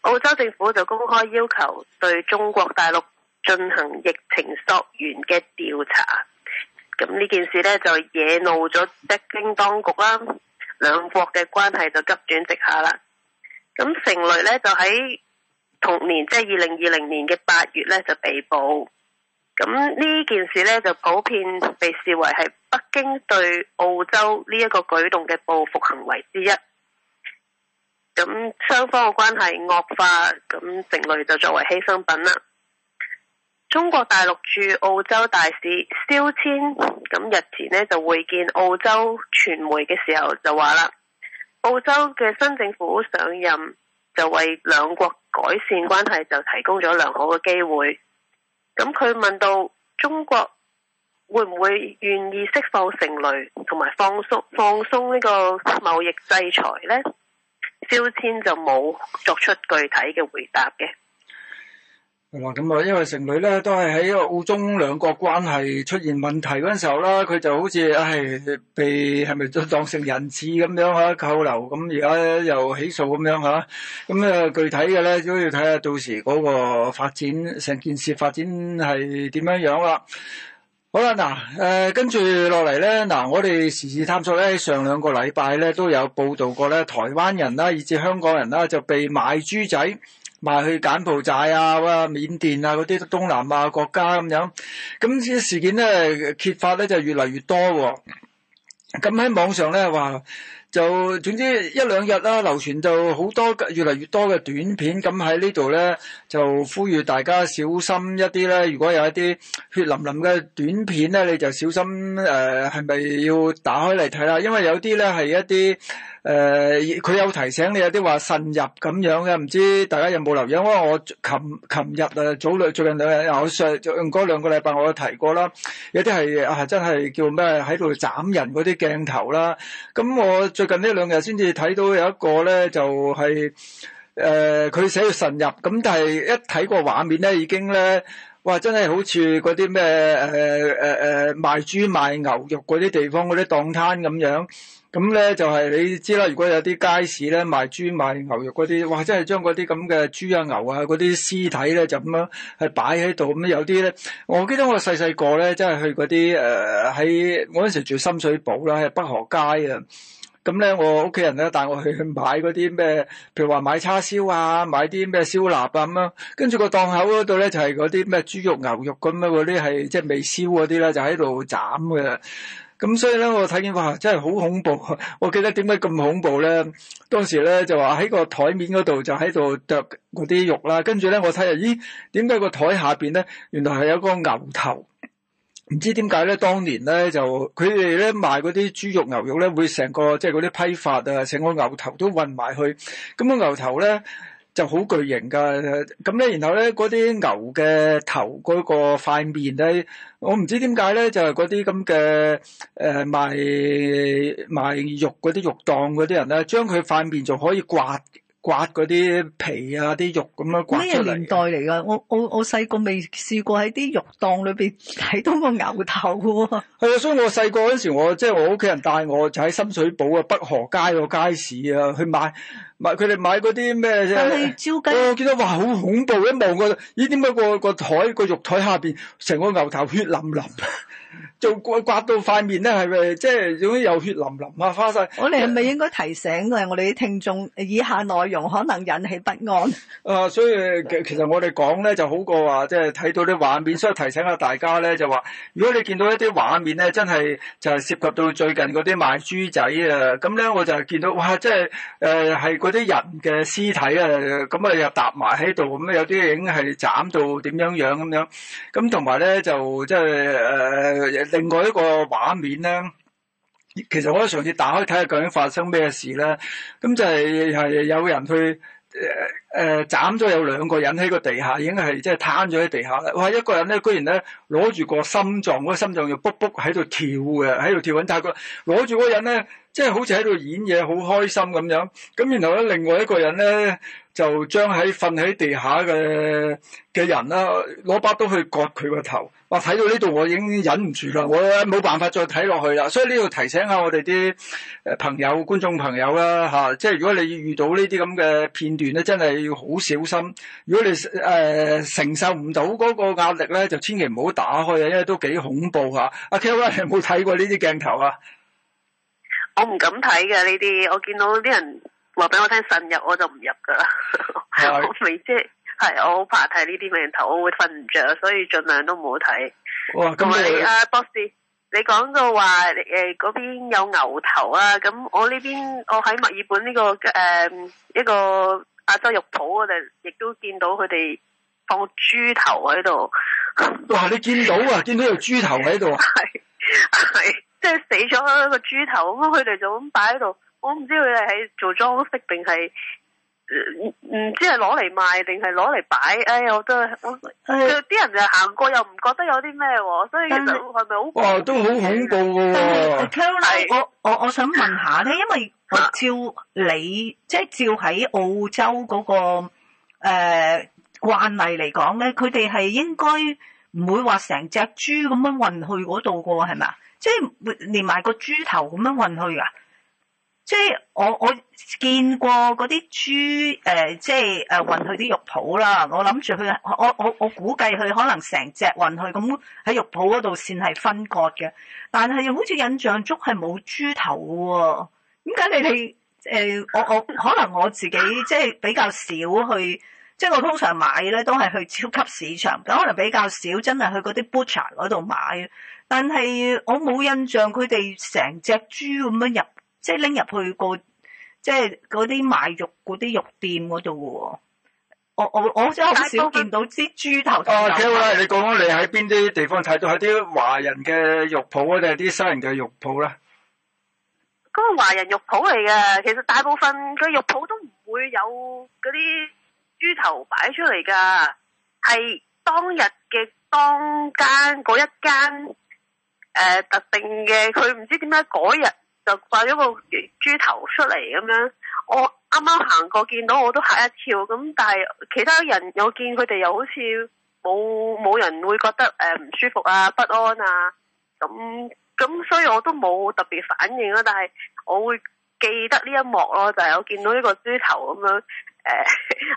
澳洲政府就公開要求對中國大陸進行疫情溯源嘅調查。咁呢件事咧就惹怒咗北京當局啦。兩國嘅關係就急轉直下啦。咁成雷呢，就喺同年，即係二零二零年嘅八月呢，就被捕。咁呢件事呢，就普遍被視為係北京對澳洲呢一個舉動嘅報復行為之一。咁雙方嘅關係惡化，咁成蕾就作為犧牲品啦。中國大陸駐澳洲大使肖千，咁日前呢就會見澳洲傳媒嘅時候就話啦，澳洲嘅新政府上任就為兩國改善關係就提供咗良好嘅機會。咁佢問到中國會唔會願意釋放成蕾同埋放鬆放鬆呢個貿易制裁呢？肖千就冇作出具體嘅回答嘅。咁啊、嗯，因為成蕾咧都係喺澳中兩國關係出現問題嗰陣時候啦，佢就好似唉、哎、被係咪都當成人質咁樣吓、啊、扣留，咁而家又起訴咁樣吓、啊，咁、嗯、誒具體嘅咧都要睇下到時嗰個發展成件事發展係點樣樣、啊、啦。好啦，嗱、呃、誒，跟住落嚟咧，嗱我哋時事探索咧，上兩個禮拜咧都有報道過咧，台灣人啦、啊，以至香港人啦、啊，就被賣豬仔。賣去柬埔寨啊、緬甸啊嗰啲東南亞國家咁樣，咁啲事件咧揭發咧就越嚟越多喎、哦。咁喺網上咧話就總之一兩日啦、啊，流傳就好多越嚟越多嘅短片。咁喺呢度咧就呼籲大家小心一啲咧。如果有一啲血淋淋嘅短片咧，你就小心誒，呃、係咪要打開嚟睇啦？因為有啲咧係一啲。誒，佢、呃、有提醒你有啲話慎入咁樣嘅，唔知大家有冇留意？因為我琴琴日啊，早兩最近兩日，我上最近嗰兩個禮拜我提過啦，有啲係啊真係叫咩喺度斬人嗰啲鏡頭啦。咁我最近呢兩日先至睇到有一個咧，就係、是、誒，佢寫慎入，咁但係一睇個畫面咧，已經咧，哇，真係好似嗰啲咩誒誒誒賣豬賣牛肉嗰啲地方嗰啲檔攤咁樣。咁咧、嗯、就係、是、你知啦，如果有啲街市咧賣豬賣牛肉嗰啲，哇！真係將嗰啲咁嘅豬啊牛啊嗰啲屍體咧就咁樣係擺喺度，咁、嗯、有啲咧，我記得我細細個咧真係去嗰啲誒喺我嗰陣時住深水埗啦，喺北河街啊，咁、嗯、咧我屋企人咧帶我去買嗰啲咩，譬如話買叉燒啊，買啲咩燒臘啊咁樣、嗯，跟住個檔口嗰度咧就係嗰啲咩豬肉牛肉咁樣嗰啲係即係未燒嗰啲咧，就喺度斬嘅。咁所以咧，我睇見哇，真係好恐怖。我記得點解咁恐怖咧？當時咧就話喺個台面嗰度就喺度剁嗰啲肉啦。跟住咧，我睇下，咦？點解個台下邊咧，原來係有個牛頭？唔知點解咧？當年咧就佢哋咧賣嗰啲豬肉、牛肉咧，會成個即係嗰啲批發啊，成個牛頭都混埋去。咁個牛頭咧～就好巨型㗎，咁咧，然後咧，嗰啲牛嘅頭嗰個塊面咧，我唔知點解咧，就係嗰啲咁嘅誒賣賣肉嗰啲肉檔嗰啲人咧，將佢塊面仲可以刮刮嗰啲皮啊，啲肉咁樣刮出嚟。咩年代嚟㗎？我我我細個未試過喺啲肉檔裏邊睇到個牛頭喎、啊。係 啊，所以我細個嗰時，我即係我屋企人帶我就喺深水埗啊北河街個街市啊去買。買佢哋買嗰啲咩啫？我見、啊、到哇，好恐怖、啊！一望、啊、個，咦？點解個個台個肉台下邊成個牛頭血淋淋？ 就刮到塊面咧，係咪即係有血淋淋啊，花晒。我哋係咪應該提醒啊？我哋啲聽眾以下內容可能引起不安。啊，所以其、其實我哋講咧就好過話即係睇到啲畫面，所以提醒下大家咧，就話如果你見到一啲畫面咧，真係就係涉及到最近嗰啲賣豬仔啊，咁咧我就係見到哇，即係誒係嗰啲人嘅屍體啊，咁啊又搭埋喺度，咁啊有啲已經係斬到點樣樣咁樣，咁同埋咧就即係誒。呃另外一個畫面咧，其實我上次打開睇下究竟發生咩事咧，咁就係係有人去誒誒斬咗有兩個人喺個地下，已經係即係攤咗喺地下啦。哇，一個人咧居然咧攞住個心臟，個心臟又卜卜喺度跳嘅，喺度跳緊，但係佢攞住嗰人咧，即係好似喺度演嘢，好開心咁樣。咁然後咧，另外一個人咧就將喺瞓喺地下嘅嘅人啦，攞把刀去割佢個頭。我睇到呢度，我已經忍唔住啦，我冇辦法再睇落去啦。所以呢度提醒下我哋啲誒朋友、觀眾朋友啦，吓、啊，即係如果你遇到呢啲咁嘅片段咧，真係要好小心。如果你誒、呃、承受唔到嗰個壓力咧，就千祈唔好打開啊，因為都幾恐怖吓。阿 K 有冇睇過呢啲鏡頭啊？我唔敢睇噶呢啲，我見到啲人話俾我聽，慎入，我就唔入噶啦，係呀，好肥啫。 係，我好怕睇呢啲名頭，我會瞓唔着，所以盡量都唔好睇。哇！咁你啊，博士，你講到話誒，嗰邊有牛頭啦、啊，咁我呢邊我喺墨爾本呢、這個誒、呃、一個亞洲肉鋪，我哋亦都見到佢哋放豬頭喺度。 哇！你見到啊，見到有豬頭喺度啊？係係， 即係死咗一個豬頭，咁佢哋就咁擺喺度，我唔知佢哋係做裝飾定係。唔知係攞嚟賣定係攞嚟擺，哎，我都我啲人就行過又唔覺得有啲咩，所以係咪好哦都好恐怖噶。我我我想問下咧，因為照你即係照喺澳洲嗰個誒慣例嚟講咧，佢哋係應該唔會話成隻豬咁樣運去嗰度噶，係咪？即係連埋個豬頭咁樣運去啊？即係我我見過嗰啲豬誒、呃，即係誒運去啲肉鋪啦。我諗住佢，我我我估計佢可能成隻運去咁，喺肉鋪嗰度先係分割嘅。但係又好似印象中係冇豬頭喎，點解你哋誒、呃？我我可能我自己即係比較少去，即係我通常買咧都係去超級市場咁，可能比較少真係去嗰啲 butcher 嗰度買。但係我冇印象佢哋成隻豬咁樣入。即係拎入去個，即係嗰啲賣肉嗰啲肉店嗰度嘅喎。我我我真係好少見到啲豬頭。哦，好啦，你講講你喺邊啲地方睇到，係啲華人嘅肉鋪啊，定係啲西人嘅肉鋪咧？嗰個華人肉鋪嚟嘅，其實大部分佢肉鋪都唔會有嗰啲豬頭擺出嚟噶，係當日嘅當間嗰一間誒特定嘅，佢唔知點解嗰日。就擺咗個豬頭出嚟，咁樣，我啱啱行過見到我都嚇一跳咁，但係其他人我見佢哋又好似冇冇人會覺得誒唔，呃、舒服啊，不安啊，咁咁所以我都冇特別反應啦，但係我會記得呢一幕咯，就係、是、我見到呢個豬頭咁樣誒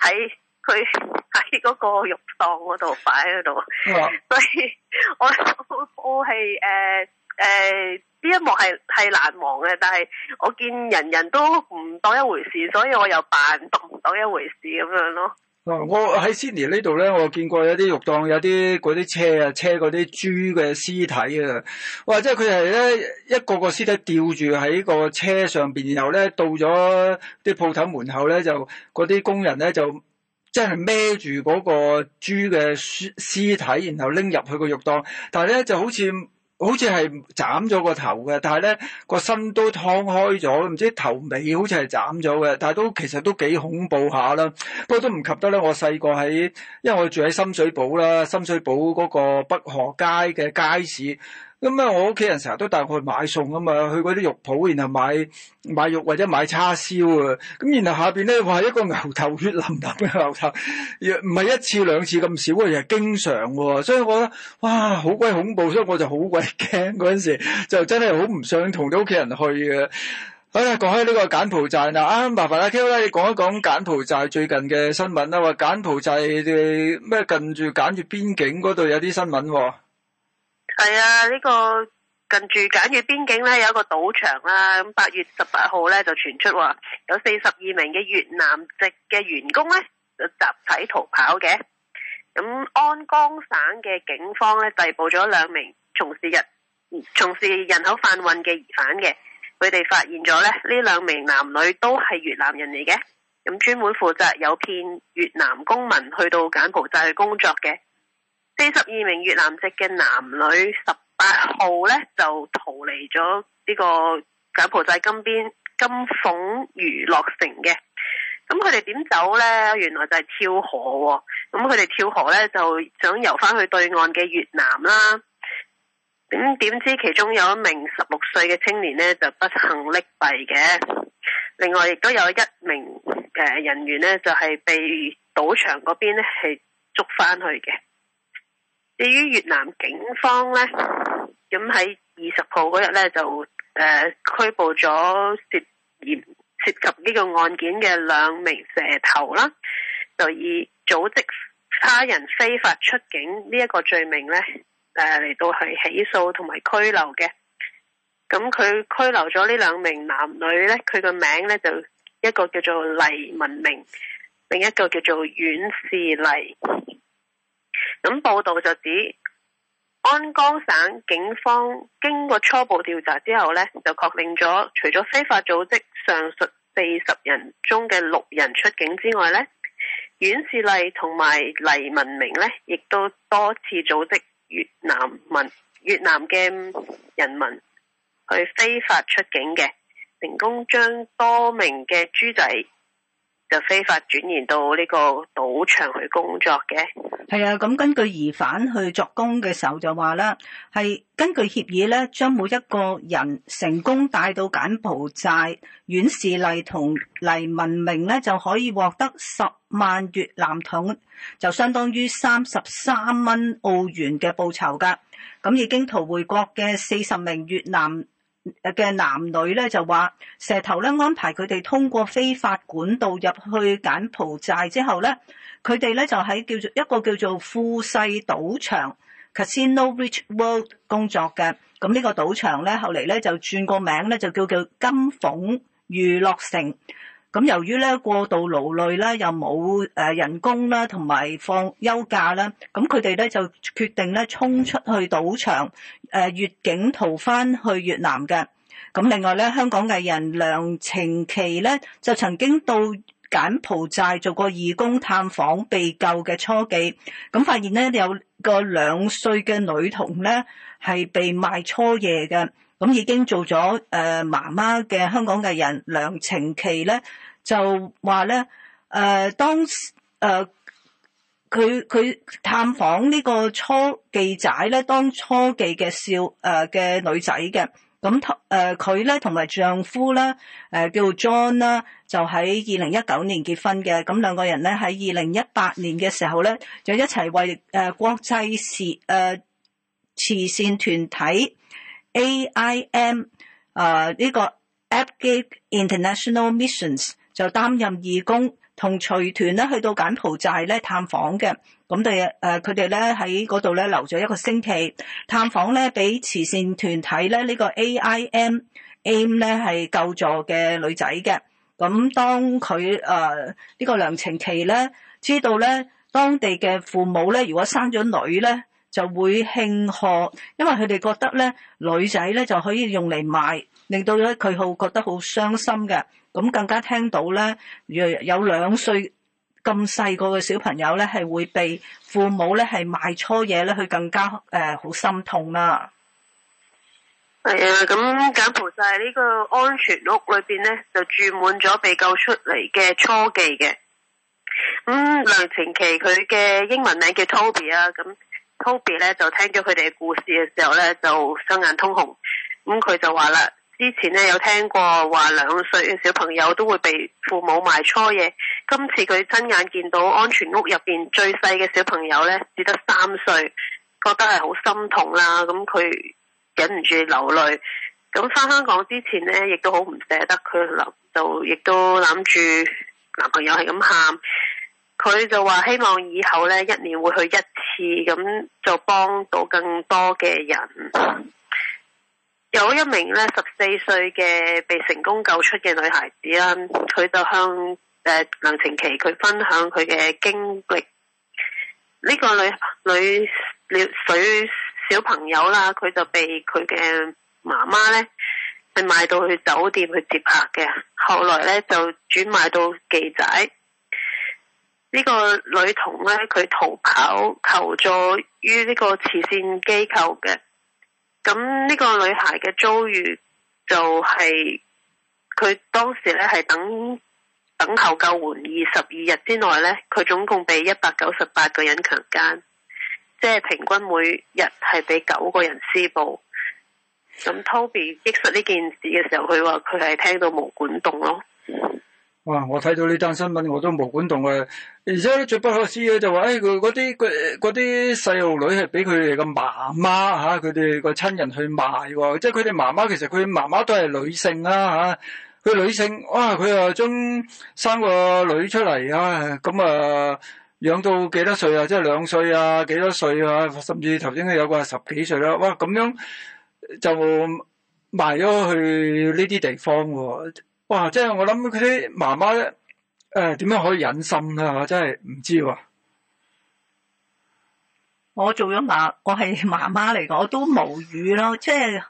喺佢喺嗰個肉檔嗰度擺喺度，哦，所以我我我係誒誒。呃呃呢一幕係係難忘嘅，但係我見人人都唔當一回事，所以我又扮當唔當一回事咁樣咯。嗱、啊，我喺 Sydney 呢度咧，我見過浴有啲肉檔有啲嗰啲車啊，車嗰啲豬嘅屍體啊，哇！即係佢係咧一個個屍體吊住喺個車上邊，然後咧到咗啲鋪頭門口咧，就嗰啲工人咧就真係孭住嗰個豬嘅屍屍體，然後拎入去個肉檔，但係咧就好似～好似係斬咗個頭嘅，但係咧個身都劏開咗，唔知頭尾好似係斬咗嘅，但係都其實都幾恐怖下啦。不過都唔及得咧，我細個喺，因為我住喺深水埗啦，深水埗嗰個北河街嘅街市。咁啊！我屋企人成日都帶我去買餸啊嘛，去嗰啲肉鋪，然後買買肉或者買叉燒啊。咁然後下邊咧話一個牛頭血淋淋嘅牛頭，唔係一次兩次咁少，啊。其實經常喎。所以我覺得哇，好鬼恐怖，所以我就好鬼驚嗰陣時，就真係好唔想同啲屋企人去嘅。好啦，講開呢個柬埔寨嗱，啊，麻煩阿 Ko 啦，你講一講柬埔寨最近嘅新聞啦。話柬埔寨咩近住柬埔寨邊境嗰度有啲新聞喎。係啊，呢、這個近住柬越邊境呢，有一個賭場啦。咁八月十八號呢，就傳出話，有四十二名嘅越南籍嘅員工呢，就集體逃跑嘅。咁安江省嘅警方呢，逮捕咗兩名從事人從事人口販運嘅疑犯嘅。佢哋發現咗呢，呢兩名男女都係越南人嚟嘅，咁專門負責有騙越南公民去到柬埔寨去工作嘅。四十二名越南籍嘅男女，十八號咧就逃離咗呢個柬埔寨金邊金鳳娛樂城嘅。咁佢哋點走咧？原來就係跳河、哦。咁佢哋跳河咧，就想游翻去對岸嘅越南啦。咁點知其中有一名十六歲嘅青年咧，就不幸溺斃嘅。另外亦都有一名嘅人員咧，就係、是、被賭場嗰邊咧係捉翻去嘅。至於越南警方咧，咁喺二十號嗰日咧就誒、呃、拘捕咗涉嫌涉及呢個案件嘅兩名蛇頭啦，就以組織他人非法出境呢一個罪名咧誒嚟到係起訴同埋拘留嘅。咁佢拘留咗呢兩名男女咧，佢個名咧就一個叫做黎文明，另一個叫做阮士黎。咁報道就指安江省警方經過初步調查之後咧，就確定咗，除咗非法組織上述四十人中嘅六人出境之外咧，阮士麗同埋黎文明咧，亦都多次組織越南民越南嘅人民去非法出境嘅，成功將多名嘅豬仔就非法轉移到呢個賭場去工作嘅。係啊，咁根據疑犯去作供嘅時候就話啦，係根據協議咧，將每一個人成功帶到柬埔寨，阮仕麗同黎文明咧就可以獲得十萬越南盾，就相當於三十三蚊澳元嘅報酬噶。咁已經逃回國嘅四十名越南。誒嘅男女咧就話，蛇頭咧安排佢哋通過非法管道入去柬埔寨之後咧，佢哋咧就喺叫做一個叫做富世賭場 （Casino Rich World） 工作嘅，咁呢個賭場咧後嚟咧就轉個名咧就叫叫金鳳娛樂城。咁由於咧過度勞累咧，又冇誒人工啦，同埋放休假啦，咁佢哋咧就決定咧衝出去賭場，誒越境逃翻去越南嘅。咁另外咧，香港藝人梁晴琪咧就曾經到柬埔寨做過義工探訪被救嘅雛妓，咁發現咧有個兩歲嘅女童咧係被賣初夜嘅，咁已經做咗誒媽媽嘅香港藝人梁晴琪咧。就話咧，誒、呃、當時佢佢，呃、探訪呢個初記仔咧，當初記嘅少誒嘅，呃、女仔嘅，咁誒佢咧同埋丈夫咧誒叫 John 啦，就喺二零一九年結婚嘅。咁兩個人咧喺二零一八年嘅時候咧，就一齊為誒國際慈誒慈善團體 A.I.M. 誒，呃、呢，呢個 Abigail International Missions，就擔任義工同隨團咧去到柬埔寨咧探訪嘅，咁第日誒佢哋咧喺嗰度咧留咗一個星期，探訪咧俾慈善團體咧呢個 AIM 咧係救助嘅女仔嘅，咁當佢誒呢個梁晴琪咧知道咧當地嘅父母咧如果生咗女咧就會慶賀，因為佢哋覺得咧女仔咧就可以用嚟賣，令到咧佢好覺得好傷心嘅。咁更加聽到咧，有有兩歲咁細個嘅小朋友咧，係會被父母咧係賣錯嘢咧，佢更加誒好、呃、心痛啦。係啊，咁柬埔寨呢個安全屋裏邊咧，就住滿咗被救出嚟嘅雛妓嘅。咁梁晴琪佢嘅英文名叫 Toby 啊，咁 Toby 咧就聽咗佢哋嘅故事嘅時候咧，就雙眼通紅，咁、嗯、佢就話啦。之前咧有聽過話兩歲嘅小朋友都會被父母賣初夜。今次佢親眼見到安全屋入邊最細嘅小朋友咧只得三歲覺得係好心痛啦。咁佢忍唔住流淚。咁翻香港之前咧，亦都好唔捨得佢留，就亦都攬住男朋友係咁喊，佢就話希望以後咧一年會去一次，咁就幫到更多嘅人。有一名咧十四歲嘅被成功救出嘅女孩子啦，佢就向誒梁晴琪，佢分享佢嘅經歷。呢、這個女女水小朋友啦，佢就被佢嘅媽媽咧，係賣到去酒店去接客嘅。後來呢，就轉賣到妓仔。呢、這個女童咧，佢逃跑求助於呢個慈善機構嘅。咁呢個女孩嘅遭遇就係、是、佢當時咧係等等候救援，二十二日之內咧，佢總共被一百九十八個人強姦，即係平均每日係被九個人施暴。咁 Toby 憶述呢件事嘅時候，佢話佢係聽到毛管動咯。哇！我睇到呢單新聞我都冇管動嘅，而且最不可思議嘅就話，誒、哎，佢嗰啲佢啲細路女係俾佢哋嘅媽媽吓，佢哋個親人去賣，即係佢哋媽媽其實佢媽媽都係女性啦吓，佢女性哇，佢又將生個女出嚟啊，咁啊養到幾多歲啊？即係兩歲啊，幾、啊啊啊、多歲啊？甚至頭先有個十幾歲啦，哇、啊！咁樣就賣咗去呢啲地方喎。啊哇！即係我諗佢啲媽媽咧，誒點樣可以忍心咧？我真係唔知、啊我。我做咗媽，我係媽媽嚟講，我都無語咯。即係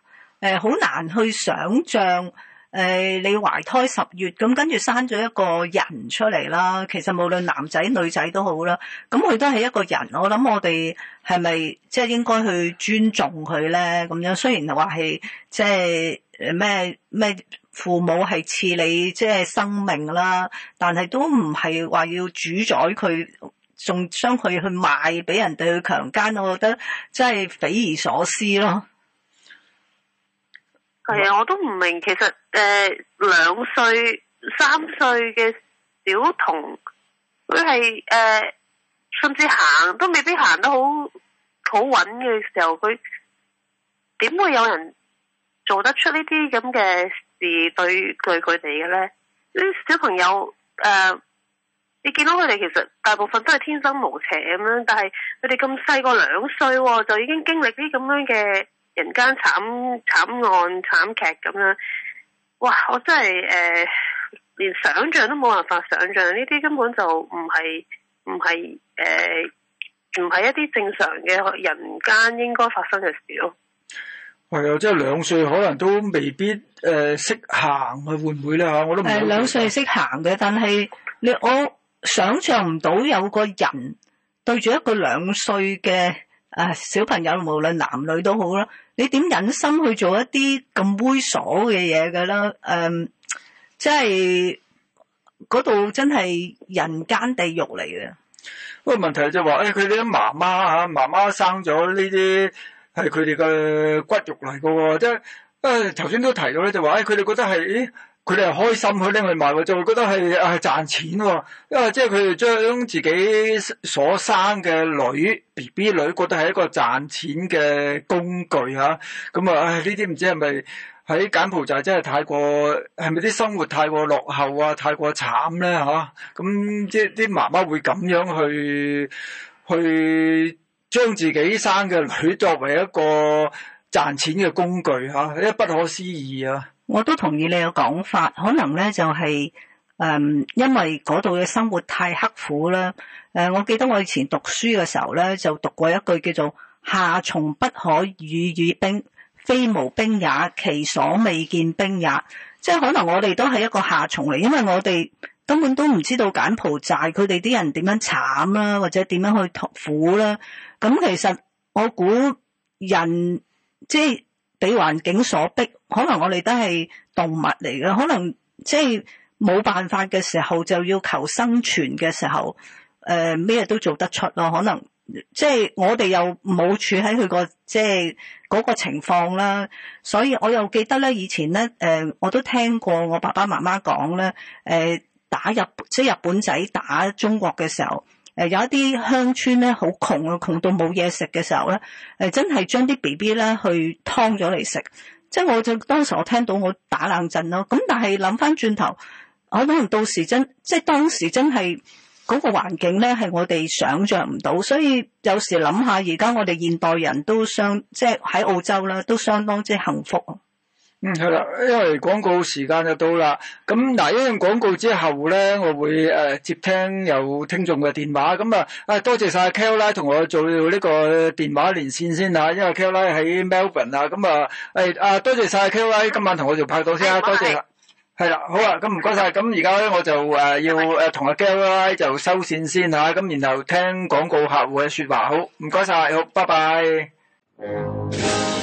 誒，好、呃、難去想象誒、呃，你懷胎十月咁，跟住生咗一個人出嚟啦。其實無論男仔女仔都好啦，咁佢都係一個人。我諗我哋係咪即係應該去尊重佢咧？咁樣雖然話係即係咩咩。父母係賜你即係生命啦，但係都唔係話要主宰佢，仲將佢去賣俾人哋去強奸，我覺得真係匪夷所思咯。係啊，我都唔明，其實誒兩歲、三歲嘅小童，佢係誒甚至行都未必行得好好穩嘅時候，佢點會有人做得出呢啲咁嘅？是對佢哋嘅呢啲小朋友誒、呃，你見到佢哋其實大部分都係天真無邪咁樣，但係佢哋咁細個兩歲喎，就已經經歷啲咁樣嘅人間慘慘案慘劇咁樣，哇！我真係誒、呃，連想象都冇辦法想象呢啲根本就唔係唔係誒，唔係、呃、一啲正常嘅人間應該發生嘅事咯。係啊，即係兩歲可能都未必誒識行啊，會唔會咧吓？我都唔明。誒，兩歲識行嘅，但係你我想像唔到有個人對住一個兩歲嘅誒小朋友，無論男女都好啦，你點忍心去做一啲咁猥瑣嘅嘢嘅咧？誒，即係嗰度真係人間地獄嚟嘅。不過問題就話誒，佢啲媽媽吓，媽媽生咗呢啲。係佢哋嘅骨肉嚟嘅。哦，即係啊頭先都提到咧，就話誒，佢、哎、哋覺得係，佢哋係開心去拎去賣，啊哦，就會覺得係啊賺錢喎。因為即係佢哋將自己所生嘅女 B B 女，覺得係一個賺錢嘅工具吓。咁啊，呢啲唔知係咪喺柬埔寨真係太過，係咪啲生活太過落後啊，太過慘咧吓？咁即係啲媽媽會咁樣去去。將自己生嘅女作為一個賺錢嘅工具吓、啊，呢不可思議啊！我都同意你嘅講法，可能咧就係、是、誒、嗯，因為嗰度嘅生活太刻苦啦。誒、呃，我記得我以前讀書嘅時候咧，就讀過一句叫做“夏蟲不可語于冰，非無冰也，其所未見冰也”。即係可能我哋都係一個夏蟲嚟，因為我哋根本都唔知道柬埔寨佢哋啲人點樣慘啦、啊，或者點樣去苦啦、啊。咁其實我估人即係俾環境所逼，可能我哋都係動物嚟嘅，可能即係冇辦法嘅時候，就要求生存嘅時候，誒、呃、咩都做得出咯。可能即係我哋又冇處喺佢個即係嗰個情況啦，所以我又記得咧，以前咧誒、呃、我都聽過我爸爸媽媽講咧，誒、呃、打日本即係、就是、日本仔打中國嘅時候。誒，有一啲鄉村咧，好窮啊，窮到冇嘢食嘅時候咧，誒，真係將啲 B B 咧去劏咗嚟食，即係我就當時我聽到我打冷震。咯。咁但係諗翻轉頭，我可能到時真即係當時真係嗰個環境咧，係我哋想象唔到，所以有時諗下而家我哋現代人都相即係喺澳洲啦，都相當之幸福。嗯，係啦，因為廣告時間就到啦。咁嗱，一陣廣告之後咧，我會誒、呃、接聽有聽眾嘅電話。咁啊，啊、呃、多謝晒 Kelly 同我做呢個電話連線先吓，因為 Kelly 喺 Melbourne 啊。咁啊，誒啊，多謝晒 Kelly 今晚同我做拍檔先啊，哎、多謝啦。係啦、哎，好啊，咁唔該晒。咁而家咧，我就誒、呃哎、要誒同阿 Kelly 就收線先吓。咁、啊、然後聽廣告客戶嘅說話。好，唔該晒。好，拜拜。嗯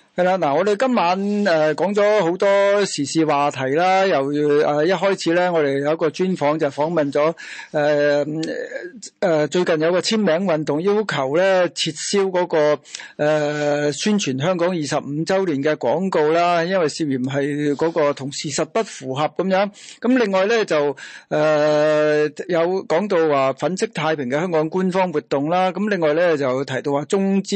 係啦，嗱，我哋今晚誒講咗好多時事話題啦。由誒一開始咧，我哋有一個專訪，就訪，就訪問咗誒誒最近有個簽名運動，要求咧撤銷嗰、那個誒、呃、宣傳香港二十五周年嘅廣告啦，因為涉嫌係嗰、那個同事實不符合咁樣，咁另外咧就誒、呃、有講到話粉飾太平嘅香港官方活動啦。咁另外咧就提到話中資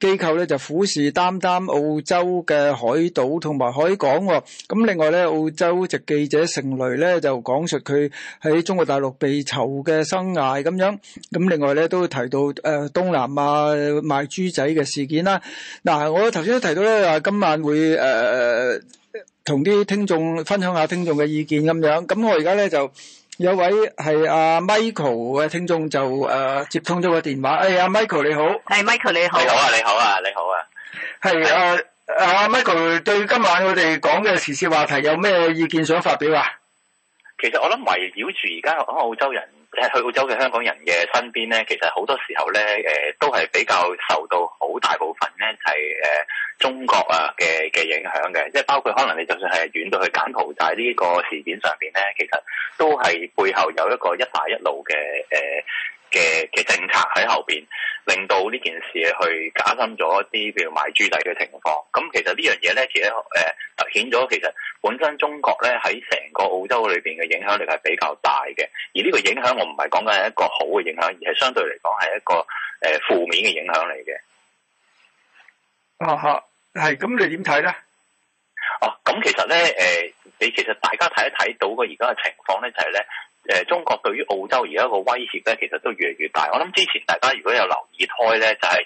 機構咧就虎視眈眈澳。澳洲嘅海島同埋海港喎，咁另外咧澳洲籍記者成蕾咧就講述佢喺中國大陸被囚嘅生涯咁樣，咁另外咧都提到誒東南亞賣豬仔嘅事件啦。嗱，我頭先都提到咧話今晚會誒同啲聽眾分享下聽眾嘅意見咁樣，咁我而家咧就有位係阿 Michael 嘅聽眾就誒接通咗個電話，哎呀，Michael 你好，係 Michael 你好，你好啊，你好啊，你好啊！係啊，阿、啊、Michael 對今晚佢哋講嘅時事話題有咩意見想發表啊？其實我諗圍繞住而家我澳洲人去澳洲嘅香港人嘅身邊咧，其實好多時候咧，誒、呃、都係比較受到好大部分咧係誒中國啊嘅嘅影響嘅，即係包括可能你就算係遠到去柬埔寨呢個事件上邊咧，其實都係背後有一個一帶一路嘅誒。呃嘅嘅政策喺後邊，令到呢件事去加深咗一啲，譬如賣豬仔嘅情況。咁、嗯、其實呢樣嘢咧，亦都誒凸顯咗，呃、其實本身中國咧喺成個澳洲裏邊嘅影響力係比較大嘅。而呢個影響，我唔係講緊係一個好嘅影響，而係相對嚟講係一個誒負、呃、面嘅影響嚟嘅。啊哈，係，咁你點睇咧？哦、啊，咁、嗯、其實咧，誒、呃，你其實大家睇一睇到個而家嘅情況咧，就係咧。誒中國對於澳洲而家個威脅咧，其實都越嚟越大。我諗之前大家如果有留意開咧，就係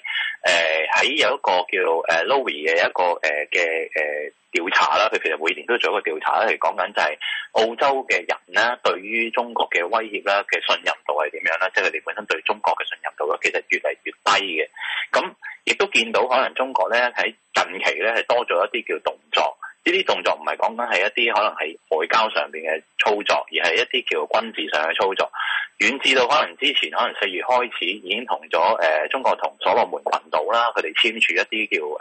誒喺有一個叫誒 Lowry 嘅一個誒嘅誒調查啦。佢其實每年都做一個調查咧，係講緊就係澳洲嘅人咧，對於中國嘅威脅啦嘅信任度係點樣啦？即係佢哋本身對中國嘅信任度咧，其實越嚟越低嘅。咁亦都見到可能中國咧喺近期咧係多咗一啲叫動作。呢啲動作唔係講緊係一啲可能係外交上邊嘅操作，而係一啲叫軍事上嘅操作。遠至到可能之前可能四月開始已經同咗誒中國同所羅門群島啦，佢哋簽署一啲叫誒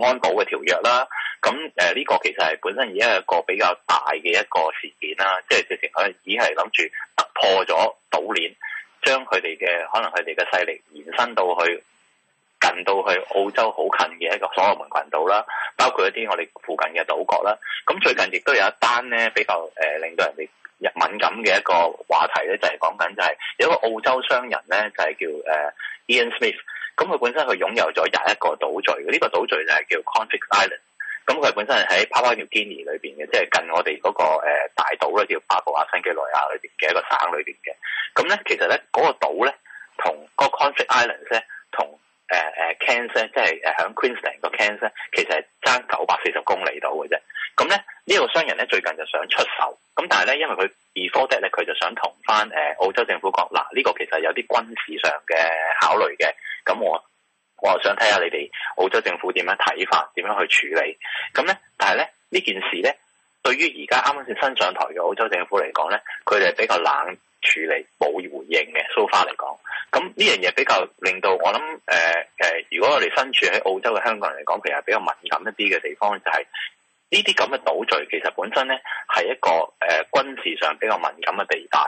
誒誒安保嘅條約啦。咁誒呢個其實係本身已經係一個比較大嘅一個事件啦，即係直情佢已經係諗住突破咗島鏈，將佢哋嘅可能佢哋嘅勢力延伸到去。近到去澳洲好近嘅一個所羅門群島啦，包括一啲我哋附近嘅島國啦。咁最近亦都有一單咧比較誒、呃、令到人哋敏感嘅一個話題咧，就係講緊就係、是、有一個澳洲商人咧，就係、是、叫誒、呃、Ian Smith。咁佢本身佢擁有咗廿一個島嶼呢、這個島嶼就係叫 Conflict Island。咁佢本身係喺 Papua New Guinea 裏邊嘅，即、就、係、是、近我哋嗰、那個、呃、大島咧，叫巴布亞新幾內亞裏邊嘅一個省裏邊嘅。咁咧其實咧嗰、那個島咧同嗰個 Conflict Island 咧同。誒誒、uh, Cairns 即係誒喺 Queensland 個 Cairns 其實係爭九百四十公里度嘅啫。咁咧，呢、這個商人咧最近就想出手。咁但係咧，因為佢 before that 咧，佢就想同翻誒澳洲政府講，嗱、啊、呢、這個其實有啲軍事上嘅考慮嘅。咁我我又想睇下你哋澳洲政府點樣睇法，點樣去處理。咁咧，但係咧呢件事咧，對於而家啱啱先新上台嘅澳洲政府嚟講咧，佢哋比較冷。處理冇回應嘅，so far 嚟講，咁呢樣嘢比較令到我諗，誒、呃、誒，如果我哋身處喺澳洲嘅香港人嚟講，其實比較敏感一啲嘅地方就係呢啲咁嘅島嶼，其實本身咧係一個誒、呃、軍事上比較敏感嘅地帶。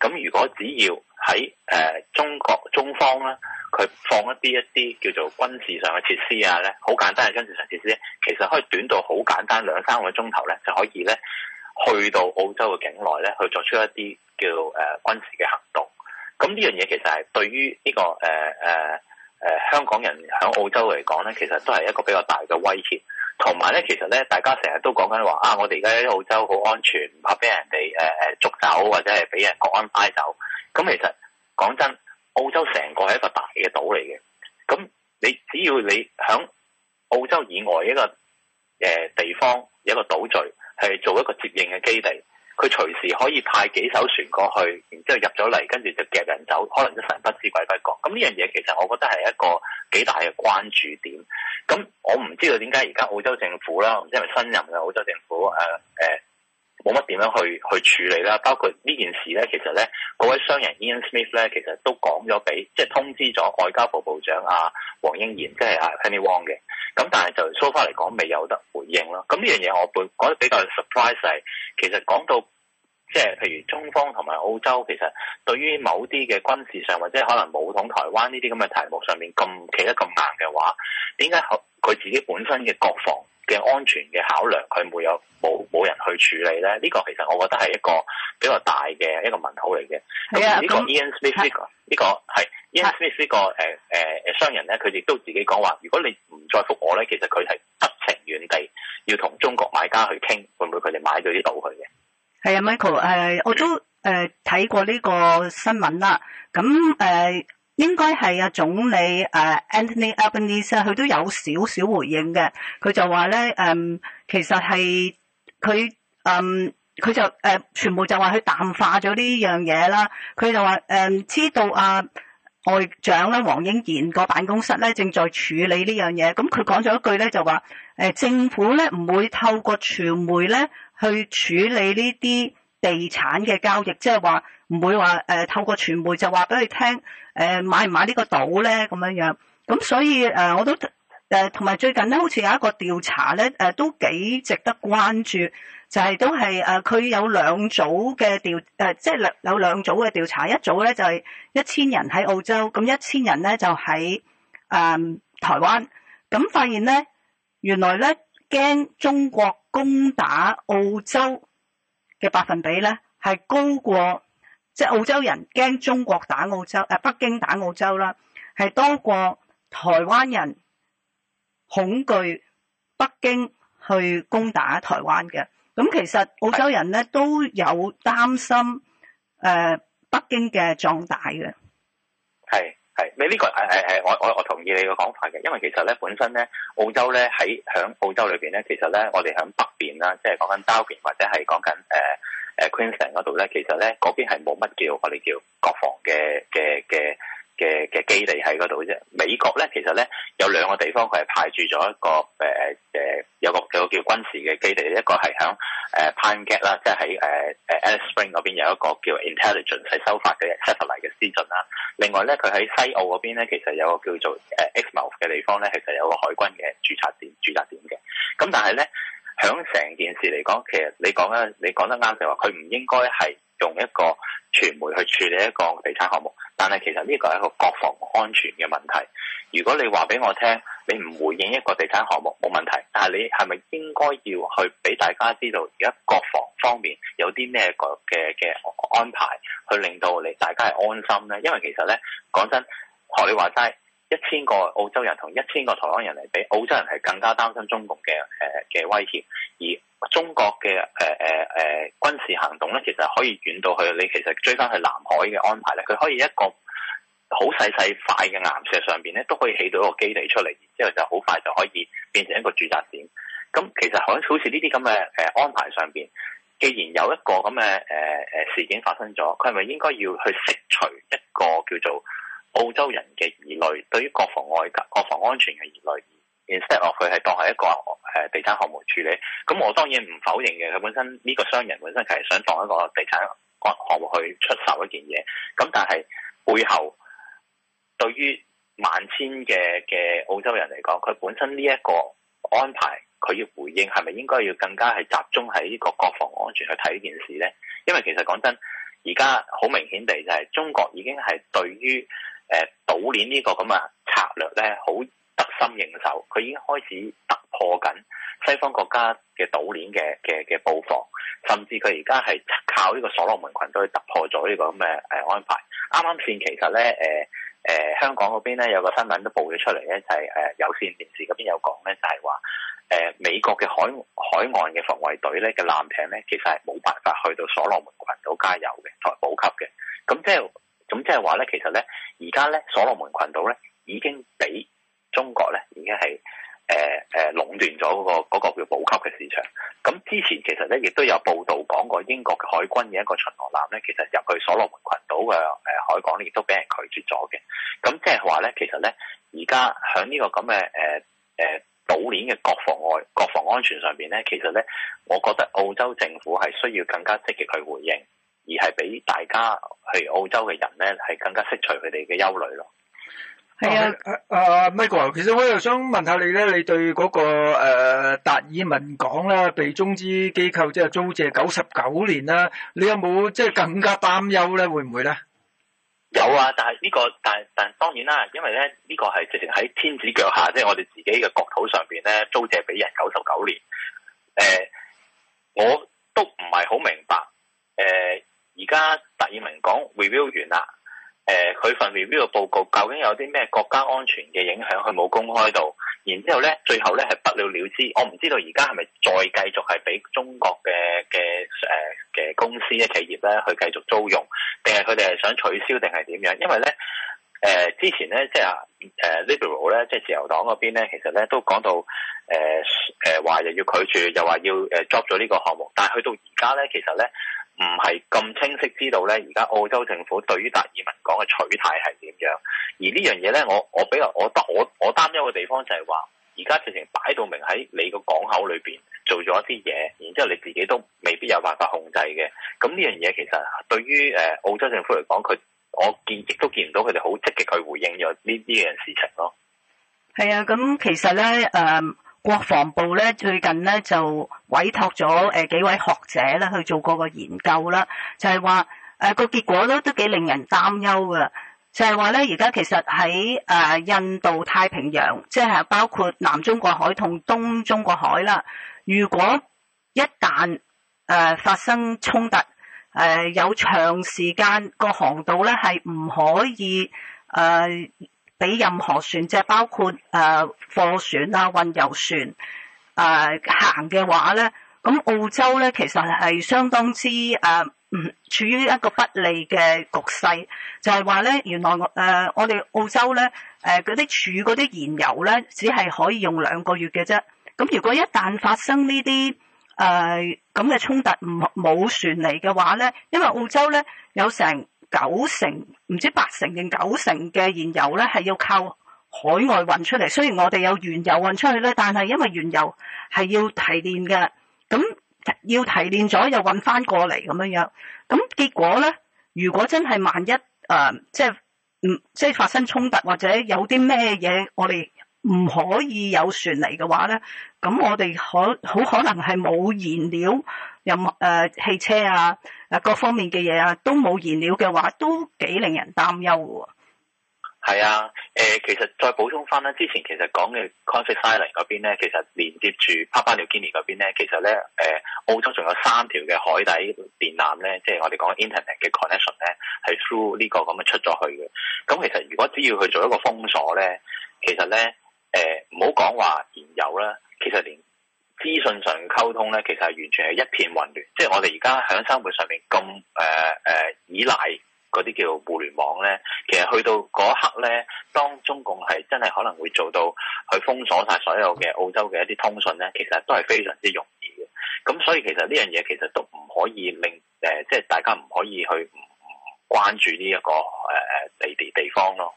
咁如果只要喺誒、呃、中國中方啦，佢放一啲一啲叫做軍事上嘅設施啊，咧好簡單嘅軍事上設施咧，其實可以短到好簡單兩三個鐘頭咧就可以咧。去到澳洲嘅境內咧，去作出一啲叫誒軍事嘅行動。咁呢樣嘢其實係對於呢個誒誒誒香港人喺澳洲嚟講咧，其實都係一個比較大嘅威脅。同埋咧，其實咧，大家成日都講緊話啊，我哋而家喺澳洲好安全，唔怕俾人哋誒誒捉走或者係俾人國安帶走。咁其實講真，澳洲成個係一個大嘅島嚟嘅。咁你只要你喺澳洲以外一個誒地方，一個島嶼。係做一個接應嘅基地，佢隨時可以派幾艘船過去，然之後入咗嚟，跟住就夾人走，可能一神不知鬼不覺。咁呢樣嘢其實我覺得係一個幾大嘅關注點。咁我唔知道點解而家澳洲政府啦，唔知係咪新任嘅澳洲政府誒誒。呃呃冇乜點樣去去處理啦，包括呢件事咧，其實咧，嗰位商人 Ian Smith 咧，其實都講咗俾，即係通知咗外交部部長啊黃英賢，即係啊 Penny Wong 嘅。咁但係就 so far 嚟講，未有得回應咯。咁呢樣嘢我本覺得比較 surprise 係，其實講到即係譬如中方同埋澳洲，其實對於某啲嘅軍事上或者可能武統台灣呢啲咁嘅題目上面咁企得咁硬嘅話，點解佢自己本身嘅國防？嘅安全嘅考量，佢冇有冇冇人去處理咧？呢、這個其實我覺得係一個比較大嘅一個問號嚟嘅。咁呢的、這個 Ian 呢個呢的、這個係 Ian Smith 呢個商人咧，佢亦都自己講話，如果你唔再復我咧，其實佢係不情願地要同中國買家去傾，會唔會佢哋買咗啲島去嘅？係啊，Michael 誒，我都誒睇、呃、過呢個新聞啦。咁誒。呃應該係啊，總理誒 Anthony Albanese，佢都有少少回應嘅。佢就話咧誒，其實係佢誒佢就誒全部就話佢淡化咗呢樣嘢啦。佢就話誒知道啊外長咧黃英賢個辦公室咧正在處理呢樣嘢。咁佢講咗一句咧就話誒政府咧唔會透過傳媒咧去處理呢啲地產嘅交易，即係話。唔會話誒、呃、透過傳媒就話俾佢聽誒、呃、買唔買個島呢個島咧咁樣樣咁，所以誒、呃、我都誒同埋最近咧，好似有一個調查咧，誒、呃、都幾值得關注，就係、是、都係誒佢有兩組嘅調誒，即係有兩組嘅調查，一組咧就係一千人喺澳洲，咁一千人咧就喺誒、呃、台灣，咁發現咧原來咧驚中國攻打澳洲嘅百分比咧係高過。即係澳洲人驚中國打澳洲，誒北京打澳洲啦，係多過台灣人恐懼北京去攻打台灣嘅。咁其實澳洲人咧都有擔心誒北京嘅壯大嘅。係係，你呢、這個誒誒誒，我我我同意你嘅講法嘅，因為其實咧本身咧澳洲咧喺響澳洲裏邊咧，其實咧我哋響北邊啦，即係講緊 Darwin 或者係講緊誒。呃誒 Queensland 嗰度咧，其實咧，嗰邊係冇乜叫我哋叫國防嘅嘅嘅嘅嘅基地喺嗰度啫。美國咧，其實咧有兩個地方佢係派駐咗一個誒誒、呃，有個有個叫軍事嘅基地，一個係響誒 Pine Gap 啦，即係喺誒、e、誒 Alice Springs 嗰邊有一個叫 Intelligence 係收發嘅 Satellite 嘅思進啦。另外咧，佢喺西澳嗰邊咧，其實有個叫做誒 Exmouth 嘅地方咧，其實有個海軍嘅駐紮點駐紮點嘅。咁但係咧。喺成件事嚟講，其實你講咧，你講得啱就話，佢唔應該係用一個傳媒去處理一個地產項目。但係其實呢個係一個國防安全嘅問題。如果你話俾我聽，你唔回應一個地產項目冇問題，但係你係咪應該要去俾大家知道而家國防方面有啲咩嘅嘅安排，去令到你大家係安心呢？因為其實呢，講真，學你話齋。一千個澳洲人同一千個台灣人嚟比，澳洲人係更加擔心中共嘅誒嘅威脅，而中國嘅誒誒誒軍事行動咧，其實可以遠到去你其實追翻去南海嘅安排咧，佢可以一個好細細塊嘅岩石上邊咧，都可以起到一個基地出嚟，之後就好快就可以變成一個駐紮點。咁其實好好似呢啲咁嘅誒安排上邊，既然有一個咁嘅誒誒事件發生咗，佢係咪應該要去釋除一個叫做澳洲人嘅疑慮，對於國防外、國防安全嘅疑慮而 insert 落去係當係一個誒地產項目處理。咁我當然唔否認嘅，佢本身呢個商人本身係想當一個地產項目去出售一件嘢。咁但係背後對於萬千嘅嘅澳洲人嚟講，佢本身呢一個安排，佢要回應係咪應該要更加係集中喺呢個國防安全去睇呢件事呢？因為其實講真，而家好明顯地就係中國已經係對於。誒島、呃、鏈呢個咁嘅策略咧，好得心應手，佢已經開始突破緊西方國家嘅島鏈嘅嘅嘅布防，甚至佢而家係靠呢個所羅門群島去突破咗呢個咁嘅誒安排。啱啱先其實咧誒誒香港嗰邊咧有個新聞都報咗出嚟咧，就係、是、誒、呃、有線電視嗰邊有講咧，就係話誒美國嘅海海岸嘅防衛隊咧嘅艦艇咧，其實係冇辦法去到所羅門群島加油嘅，同埋補給嘅。咁即係。咁即係話咧，其實咧，而家咧，所羅門群島咧已經俾中國咧，已經係誒誒壟斷咗嗰、嗰個嗰個叫補給嘅市場。咁之前其實咧，亦都有報道講過英國嘅海軍嘅一個巡邏艦咧，其實入去所羅門群島嘅誒、呃、海港咧，亦都俾人拒絕咗嘅。咁即係話咧，其實咧，而家喺呢個咁嘅誒誒島鏈嘅國防外國防安全上邊咧，其實咧，我覺得澳洲政府係需要更加積極去回應。而係俾大家去澳洲嘅人咧，係更加釋除佢哋嘅憂慮咯。係啊，阿、嗯啊、Michael，其實我又想問下你咧，你對嗰、那個誒、呃、達爾文港啦，被中資機構即係、就是、租借九十九年啦，你有冇即係更加擔憂咧？會唔會咧？有啊，但係、這、呢個，但但當然啦，因為咧呢、這個係直情喺天子腳下，即、就、係、是、我哋自己嘅國土上邊咧租借俾人九十九年。誒、呃，我都唔係好明白，誒、呃。而家達爾文講 review 完啦，誒、呃、佢份 review 嘅報告究竟有啲咩國家安全嘅影響，佢冇公開到。然之後咧，最後咧係不了了之。我唔知道而家係咪再繼續係俾中國嘅嘅誒嘅公司咧、企業咧去繼續租用，定係佢哋係想取消定係點樣？因為咧誒、呃、之前咧即係誒、呃、Liberal 咧即係自由黨嗰邊咧，其實咧都講到誒誒話又要拒絕，又話要誒 drop 咗呢個項目。但係去到而家咧，其實咧。唔係咁清晰知道呢。而家澳洲政府對於達爾文港嘅取態係點樣而？而呢樣嘢呢，我我比較我得我我擔憂嘅地方就係話，而家直情擺到明喺你個港口裏邊做咗一啲嘢，然之後你自己都未必有辦法控制嘅。咁呢樣嘢其實對於誒澳洲政府嚟講，佢我見亦都見唔到佢哋好積極去回應咗呢呢樣事情咯。係啊，咁其實呢。誒、uh。國防部呢，最近呢，就委託咗幾位學者呢，去做過個研究啦，就係話，個結果都幾令人擔憂㗎啦，就係話呢，而家其實喺，呃，印度太平洋，即係包括南中國海同東中國海啦，如果一旦，呃，發生衝突，呃，有長時間，個航道呢，係唔可以，呃，俾任何船隻，包括誒、呃、貨船啊、運油船誒、呃、行嘅話咧，咁澳洲咧其實係相當之誒、呃，處於一個不利嘅局勢，就係話咧，原來、呃、我誒我哋澳洲咧誒嗰啲儲嗰啲燃油咧，只係可以用兩個月嘅啫。咁如果一旦發生呢啲誒咁嘅衝突，唔冇船嚟嘅話咧，因為澳洲咧有成。九成唔知八成定九成嘅燃油咧，係要靠海外運出嚟。雖然我哋有原油運出去咧，但係因為原油係要提煉嘅，咁要提煉咗又運返過嚟咁樣樣。咁結果咧，如果真係萬一誒、呃，即係唔即係發生衝突或者有啲咩嘢，我哋唔可以有船嚟嘅話咧，咁我哋可好可能係冇燃料，有誒、呃、汽車啊。各方面嘅嘢啊，都冇燃料嘅話，都幾令人擔憂嘅喎。係啊，誒、啊呃，其實再補充翻咧，之前其實講嘅 Conflict Island 嗰邊咧，其實連接住 Papua New Guinea 嗰邊咧，其實咧，誒、呃、澳洲仲有三條嘅海底電纜咧，即係我哋講 Internet 嘅 connection 咧，係 through 呢個咁嘅出咗去嘅。咁其實如果只要去做一個封鎖咧，其實咧，誒唔好講話燃油啦，其實連。資訊上溝通咧，其實係完全係一片混亂。即係我哋而家喺生活上面咁誒誒依賴嗰啲叫互聯網咧，其實去到嗰一刻咧，當中共係真係可能會做到去封鎖晒所有嘅澳洲嘅一啲通訊咧，其實都係非常之容易嘅。咁所以其實呢樣嘢其實都唔可以令誒、呃，即係大家唔可以去唔關注呢、這、一個誒誒、呃、地地地方咯。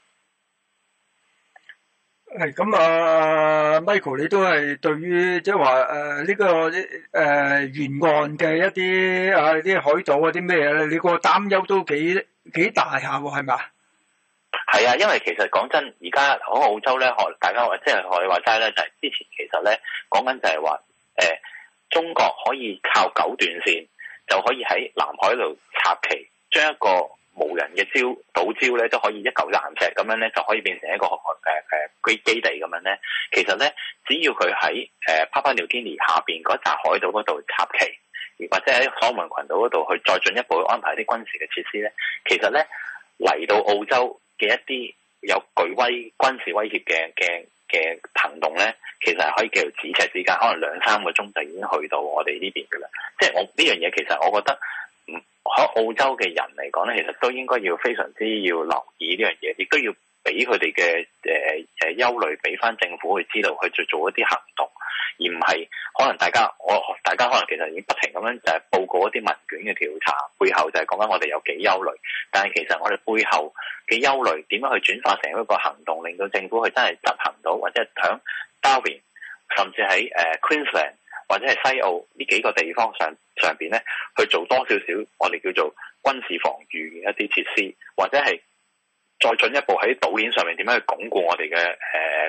係咁啊，Michael，你都係對於即係話誒呢個誒、呃、沿岸嘅一啲啊啲海島啊啲咩咧？你個擔憂都幾幾大下、哦、喎？係咪？係啊，因為其實講真，而家喺澳洲咧，可大家即係可以話齋咧，就係、是、之前其實咧講緊就係話誒中國可以靠九段線就可以喺南海度插旗，將一個無人嘅礁，島礁咧都可以一嚿岩石咁樣咧，就可以變成一個誒誒基基地咁樣咧。其實咧，只要佢喺 p p a a 誒 Papua New Guinea 下邊嗰紮海島嗰度插旗，或者喺所羅門群島嗰度去再進一步安排啲軍事嘅設施咧，其實咧嚟到澳洲嘅一啲有巨威軍事威脅嘅嘅嘅行動咧，其實係可以叫做咫尺之間，可能兩三個鐘就已經去到我哋呢邊噶啦。即係我呢樣嘢，其實我覺得。喺澳洲嘅人嚟講咧，其實都應該要非常之要留意呢樣嘢，亦都要俾佢哋嘅誒誒憂慮俾翻政府去知道，去再做一啲行動，而唔係可能大家我大家可能其實已經不停咁樣誒報告一啲問卷嘅調查，背後就係講緊我哋有幾憂慮，但係其實我哋背後嘅憂慮點樣去轉化成一個行動，令到政府去真係執行到，或者響 Darwin 甚至喺誒、呃、Queensland。或者係西澳呢幾個地方上上邊咧，去做多少少我哋叫做軍事防禦嘅一啲設施，或者係再進一步喺島鏈上面點樣去鞏固我哋嘅誒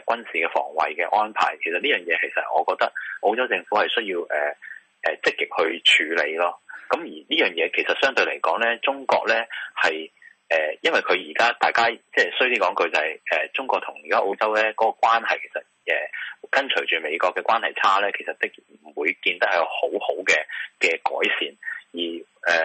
軍事嘅防衞嘅安排。其實呢樣嘢其實我覺得澳洲政府係需要誒誒、呃、積極去處理咯。咁而呢樣嘢其實相對嚟講咧，中國咧係誒，因為佢而家大家即係衰啲講句就係、是、誒、呃，中國同而家澳洲咧嗰、那個關係其實，嘅跟隨住美國嘅關係差咧，其實的唔會見得係好好嘅嘅改善。而誒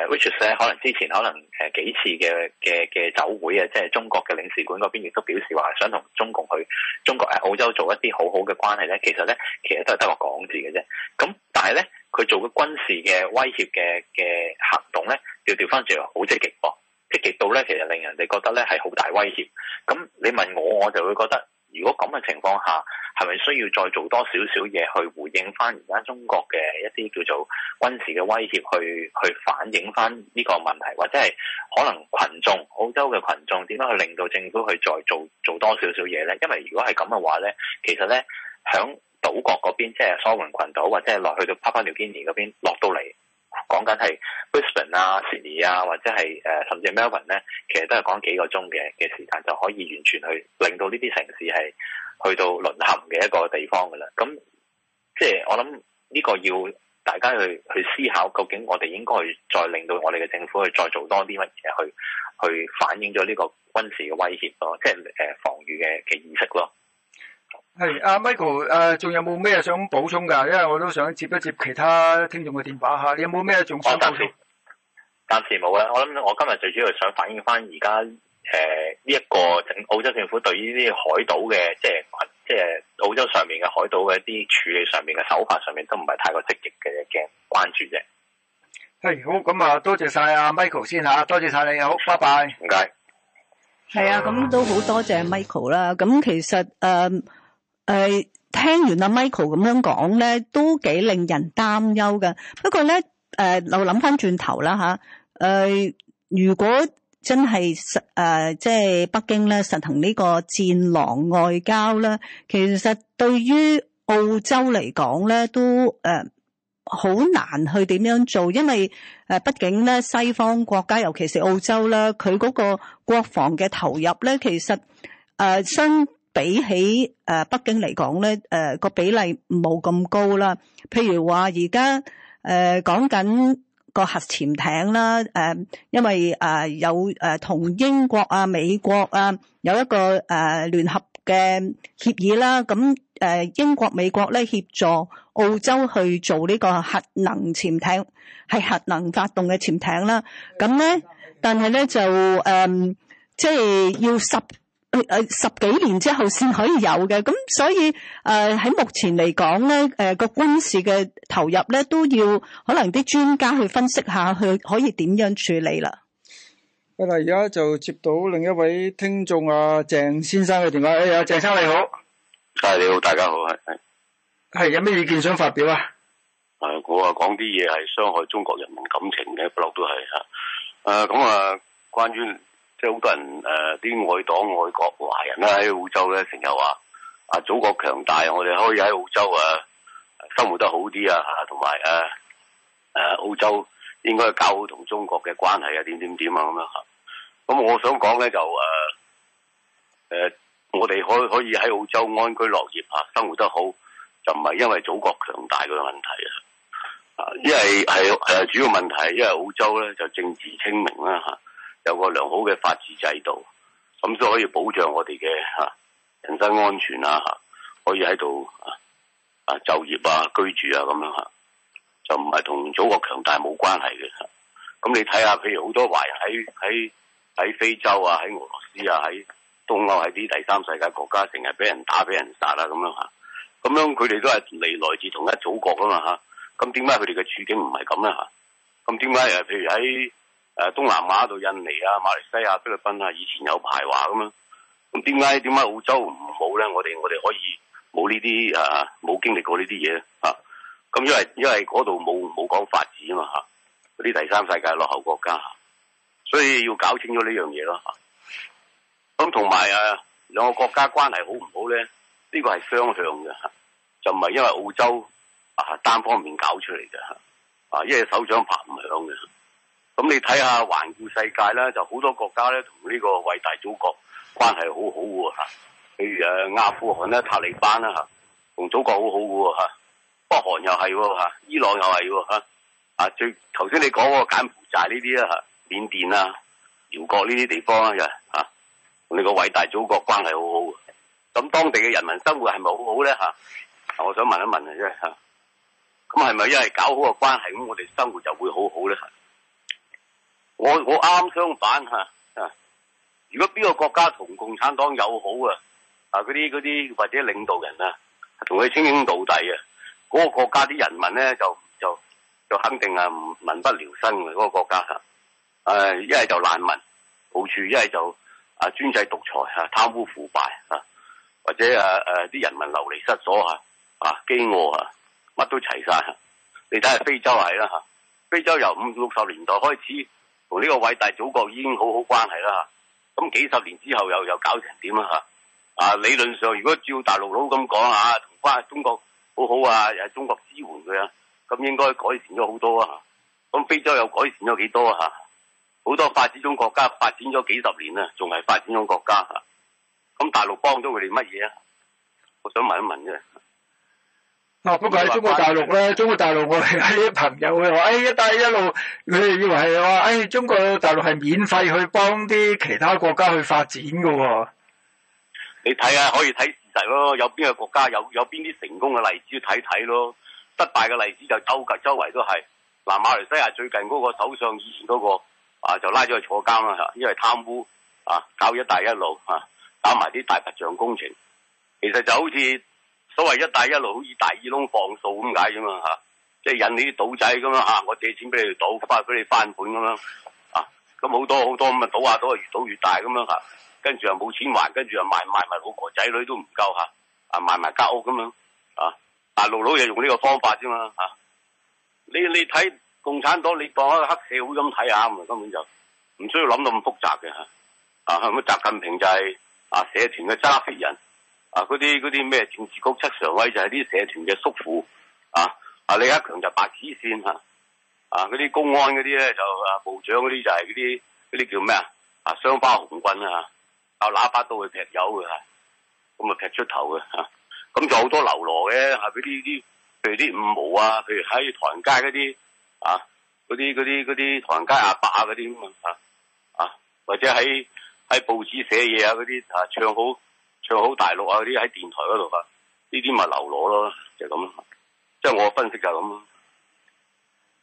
which 咧可能之前可能誒、呃、幾次嘅嘅嘅酒會啊，即係中國嘅領事館嗰邊，亦都表示話想同中共去中國誒澳洲做一啲好好嘅關係咧。其實咧，其實都係得個講字嘅啫。咁但係咧，佢做嘅軍事嘅威脅嘅嘅行動咧，要調翻轉好積極，積、哦、極到咧，其實令人哋覺得咧係好大威脅。咁你問我，我就會覺得。如果咁嘅情況下，係咪需要再做多少少嘢去回應翻而家中國嘅一啲叫做軍事嘅威脅去，去去反映翻呢個問題，或者係可能群眾澳洲嘅群眾點樣去令到政府去再做做多少少嘢呢？因為如果係咁嘅話呢，其實呢，響島國嗰邊，即係所羅門群島或者係落去到巴布亞紐幾尼嗰邊落到嚟。講緊係 Brisbane 啊、Sydney 啊，或者係誒、呃、甚至 Melbourne 咧，其實都係講幾個鐘嘅嘅時間就可以完全去令到呢啲城市係去到淪陷嘅一個地方㗎啦。咁即係我諗呢個要大家去去思考，究竟我哋應該去再令到我哋嘅政府去再做多啲乜嘢去去反映咗呢個軍事嘅威脅咯，即係誒防禦嘅嘅意識咯。係阿 Michael，誒、呃，仲有冇咩想補充噶？因為我都想接一接其他聽眾嘅電話吓，你有冇咩仲想？啊、暫時暫時冇啦，我諗我今日最主要想反映翻而家誒呢一個澳洲政府對於呢啲海島嘅即係、啊、即係澳洲上面嘅海島嘅一啲處理上面嘅手法上面都唔係太過積極嘅嘅關注啫。係好，咁啊多謝晒阿 Michael 先吓，多謝晒你，好，拜拜，唔該謝。係啊，咁都好多謝 Michael 啦。咁其實誒。嗯誒，聽完阿 Michael 咁樣講咧，都幾令人擔憂㗎。不過咧，誒，我諗翻轉頭啦吓，誒，如果真係實誒，即係北京咧實行呢個戰狼外交咧，其實對於澳洲嚟講咧，都誒好難去點樣做，因為誒，畢竟咧，西方國家，尤其是澳洲咧，佢嗰個國防嘅投入咧，其實誒新。比起誒北京嚟講咧，誒個比例冇咁高啦。譬如話而家誒講緊個核潛艇啦，誒因為誒有誒同英國啊、美國啊有一個誒聯合嘅協議啦，咁誒英國美國咧協助澳洲去做呢個核能潛艇，係核能發動嘅潛艇啦。咁咧，但係咧就誒即係要十。誒誒，十幾年之後先可以有嘅，咁所以誒喺目前嚟講咧，誒個軍事嘅投入咧都要可能啲專家去分析下，佢可以點樣處理啦。嗱，而家就接到另一位聽眾啊，鄭先生嘅電話。誒，鄭生你好，啊，你好，大家好，係係係，有咩意見想發表啊？誒，我啊講啲嘢係傷害中國人民感情嘅，不嬲都係吓。誒，咁啊，關於。即係好多人誒，啲、呃、外黨外國華人啦，喺澳洲咧成日話：啊，祖國強大，我哋可以喺澳洲誒、啊、生活得好啲啊，同埋誒誒澳洲應該搞好同中國嘅關係怎樣怎樣怎樣啊，點點點啊咁啦嚇。咁我想講咧就誒誒、啊啊，我哋可可以喺澳洲安居樂業啊，生活得好，就唔係因為祖國強大嘅問題啊，啊，因為係係主要問題，因為澳洲咧就政治清明啦嚇。啊有個良好嘅法治制度，咁所以可以保障我哋嘅吓人身安全啊吓，可以喺度啊就業啊居住啊咁樣吓，就唔係同祖國強大冇關係嘅。咁你睇下，譬如好多華人喺喺喺非洲啊，喺俄羅斯啊，喺東歐喺啲第三世界國家，成日俾人打俾人殺啊咁樣吓，咁樣佢哋都係嚟來自同一祖國噶嘛吓，咁點解佢哋嘅處境唔係咁咧吓？咁點解誒，譬如喺誒，東南亞到印尼啊、馬來西亞、菲律賓啊，以前有排話咁啦。咁點解點解澳洲唔好咧？我哋我哋可以冇呢啲啊，冇經歷過呢啲嘢啊。咁因為因為嗰度冇冇講法治啊嘛，吓嗰啲第三世界落後國家，所以要搞清楚呢樣嘢咯。咁同埋啊，兩、啊、個國家關係好唔好咧？呢、這個係雙向嘅、啊，就唔係因為澳洲啊單方面搞出嚟嘅。啊，因為手掌拍唔響嘅。咁你睇下環顧世界咧，就好多國家咧同呢個偉大祖國關係好好喎吓，譬如誒阿富汗咧、塔利班啦吓，同祖國好好嘅吓，北韓又係吓，伊朗又係吓，啊最頭先你講個柬埔寨呢啲啦吓，緬甸啊、寮國呢啲地方咧又吓，同呢個偉大祖國關係好好，咁當地嘅人民生活係咪好好咧吓？我想問一問啊啫吓，咁係咪因為搞好個關係，咁我哋生活就會好好咧？我我啱相反吓，啊，如果邊個國家同共產黨友好啊，啊嗰啲嗰啲或者領導人啊，同佢稱兄道弟，啊，嗰，那個國家啲人民咧就就就肯定係民不聊生嘅嗰，那個國家吓，啊，誒一係就難民，好處一係就專獨啊專制獨裁吓貪污腐敗吓，啊，或者啊誒啲、啊、人民流離失所吓啊飢餓啊乜都齊晒吓，你睇下非洲係啦吓，非、啊、洲由五六十年代開始。同呢個偉大祖國已經好好關係啦，咁幾十年之後又又搞成點啊？啊理論上如果照大陸佬咁講啊，同關中國好好啊，又係中國支援佢啊，咁應該改善咗好多啊。咁非洲又改善咗幾多啊？好多發展中國家發展咗幾十年啊，仲係發展中國家。咁、啊、大陸幫咗佢哋乜嘢啊？我想問一問啫。哦，不過喺中國大陸咧，中國大陸我哋啲朋友佢話，誒、哎，一帶一路，你哋以為係話，誒、哎，中國大陸係免費去幫啲其他國家去發展噶、哦。你睇下，可以睇事實咯，有邊個國家有有邊啲成功嘅例子睇睇咯。失敗嘅例子就周隔周圍都係，嗱、啊，馬來西亞最近嗰個首相以前嗰、那個啊就拉咗去坐監啦吓，因為貪污啊搞一帶一路吓，搞埋啲大白象工程，其實就好似。所謂一帶一路好似大耳窿放數咁解啫嘛吓，即係引你啲賭仔咁樣吓，我借錢俾你賭，翻俾你翻本咁樣，啊，咁好多好多咁啊賭下賭啊越賭越大咁樣吓，跟住又冇錢還，跟住又賣賣埋老婆仔女都唔夠吓，啊賣埋間屋咁樣，啊，大陸佬又用呢個方法啫嘛吓，你你睇共產黨你當一個黑社會咁睇下，咁啊根本就唔需要諗到咁複雜嘅吓，啊咁習近平就係啊社團嘅揸 fit 人。啊！嗰啲啲咩政治局七常委就係啲社團嘅叔父，啊啊李克強就白痴線吓，啊嗰啲公安嗰啲咧就啊部長嗰啲就係嗰啲啲叫咩啊？啊雙花紅棍啊，靠喇叭都會劈友嘅，咁啊劈出頭嘅吓，咁仲好多流羅嘅，係嗰啲啲，譬如啲五毛啊，譬如喺唐人街嗰啲啊，嗰啲啲啲唐人街阿伯嗰啲咁啊，啊或者喺喺報紙寫嘢啊嗰啲啊唱好。唱好大陸啊！嗰啲喺電台嗰度啊，呢啲咪流羅咯，就咁、是、咯。即、就、係、是、我分析就係咁咯。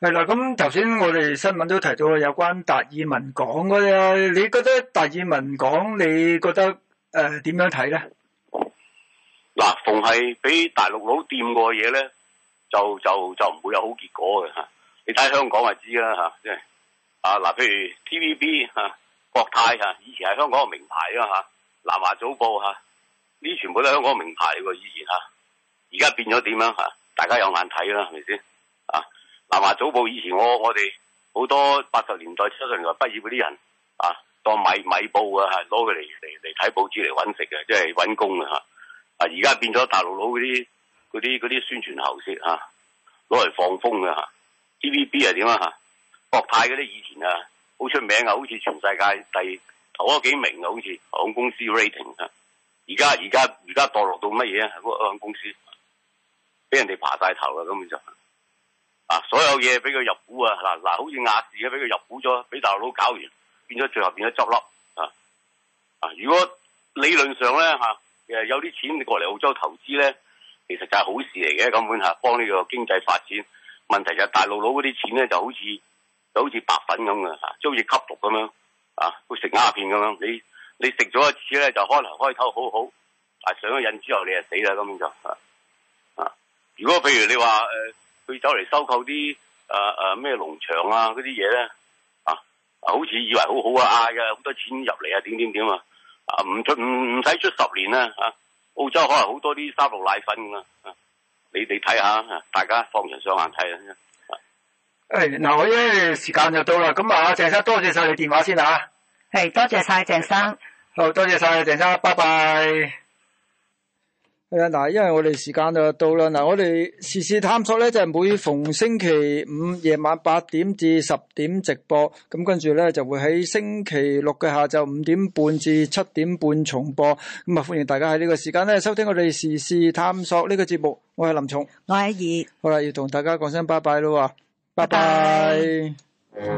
係啦，咁頭先我哋新聞都提到有關達爾文講嘅啦，你覺得達爾文講你覺得誒點、呃、樣睇咧？嗱、啊，逢係俾大陸佬掂過嘢咧，就就就唔會有好結果嘅嚇、啊。你睇香港就知啦吓。即係啊嗱，譬、啊啊、如 TVB 吓、啊，國泰吓，以前係香港嘅名牌啊吓，南華早報吓。啊呢全部都香港名牌喎，以前嚇、啊，而家變咗點樣嚇？大家有眼睇啦，係咪先？啊，《南華早報》以前我我哋好多八十年代七十年代畢業嗰啲人啊，當米米報啊，攞佢嚟嚟嚟睇報紙嚟揾食嘅，即係揾工啊。嚇。啊，而家變咗大陸佬嗰啲嗰啲啲宣傳喉舌啊，攞嚟放風嘅嚇。TVB 係點啊嚇？國、啊、泰嗰啲以前啊，好出名啊，好似全世界第頭嗰幾名啊，好似航空公司 rating 啊。而家而家而家墮落到乜嘢啊？嗰、嗰個公司俾人哋爬晒頭啦，根本就啊，所有嘢俾佢入股啊，嗱、啊、嗱，好似亞視嘅俾佢入股咗，俾大佬搞完，變咗最後變咗執笠啊！啊，如果理論上咧嚇，誒、啊、有啲錢你過嚟澳洲投資咧，其實就係好事嚟嘅，根本係、啊、幫呢個經濟發展。問題就係大陸佬嗰啲錢咧，就好似就好似白粉咁嘅嚇，就好似、啊、吸毒咁樣啊，好似食鴉片咁樣你。你食咗一次咧，就可能開頭好好，但上咗癮之後你就死啦，咁就啊啊！如果譬如你話誒，佢、呃、走嚟收購啲誒誒咩農場啊嗰啲嘢咧啊，好似以為好好啊，嗌嘅好多錢入嚟啊，點點點啊啊，唔出唔唔使出十年啦、啊、吓、啊，澳洲可能好多啲三鹿奶粉咁啊，啊，你哋睇下，大家放長雙眼睇啦、啊。誒、啊，嗱、哎，我咧時間就到啦，咁啊，鄭生多謝晒你電話先吓、啊。係，多謝晒鄭生。好，多謝晒鄭生，拜拜。係啊，嗱，因為我哋時間就到啦，嗱，我哋時事探索咧就係每逢星期五夜晚八點至十點直播，咁跟住咧就會喺星期六嘅下晝五點半至七點半重播，咁啊歡迎大家喺呢個時間咧收聽我哋時事探索呢個節目，我係林松，我係阿二。好啦，要同大家講聲拜拜啦，拜拜。拜拜。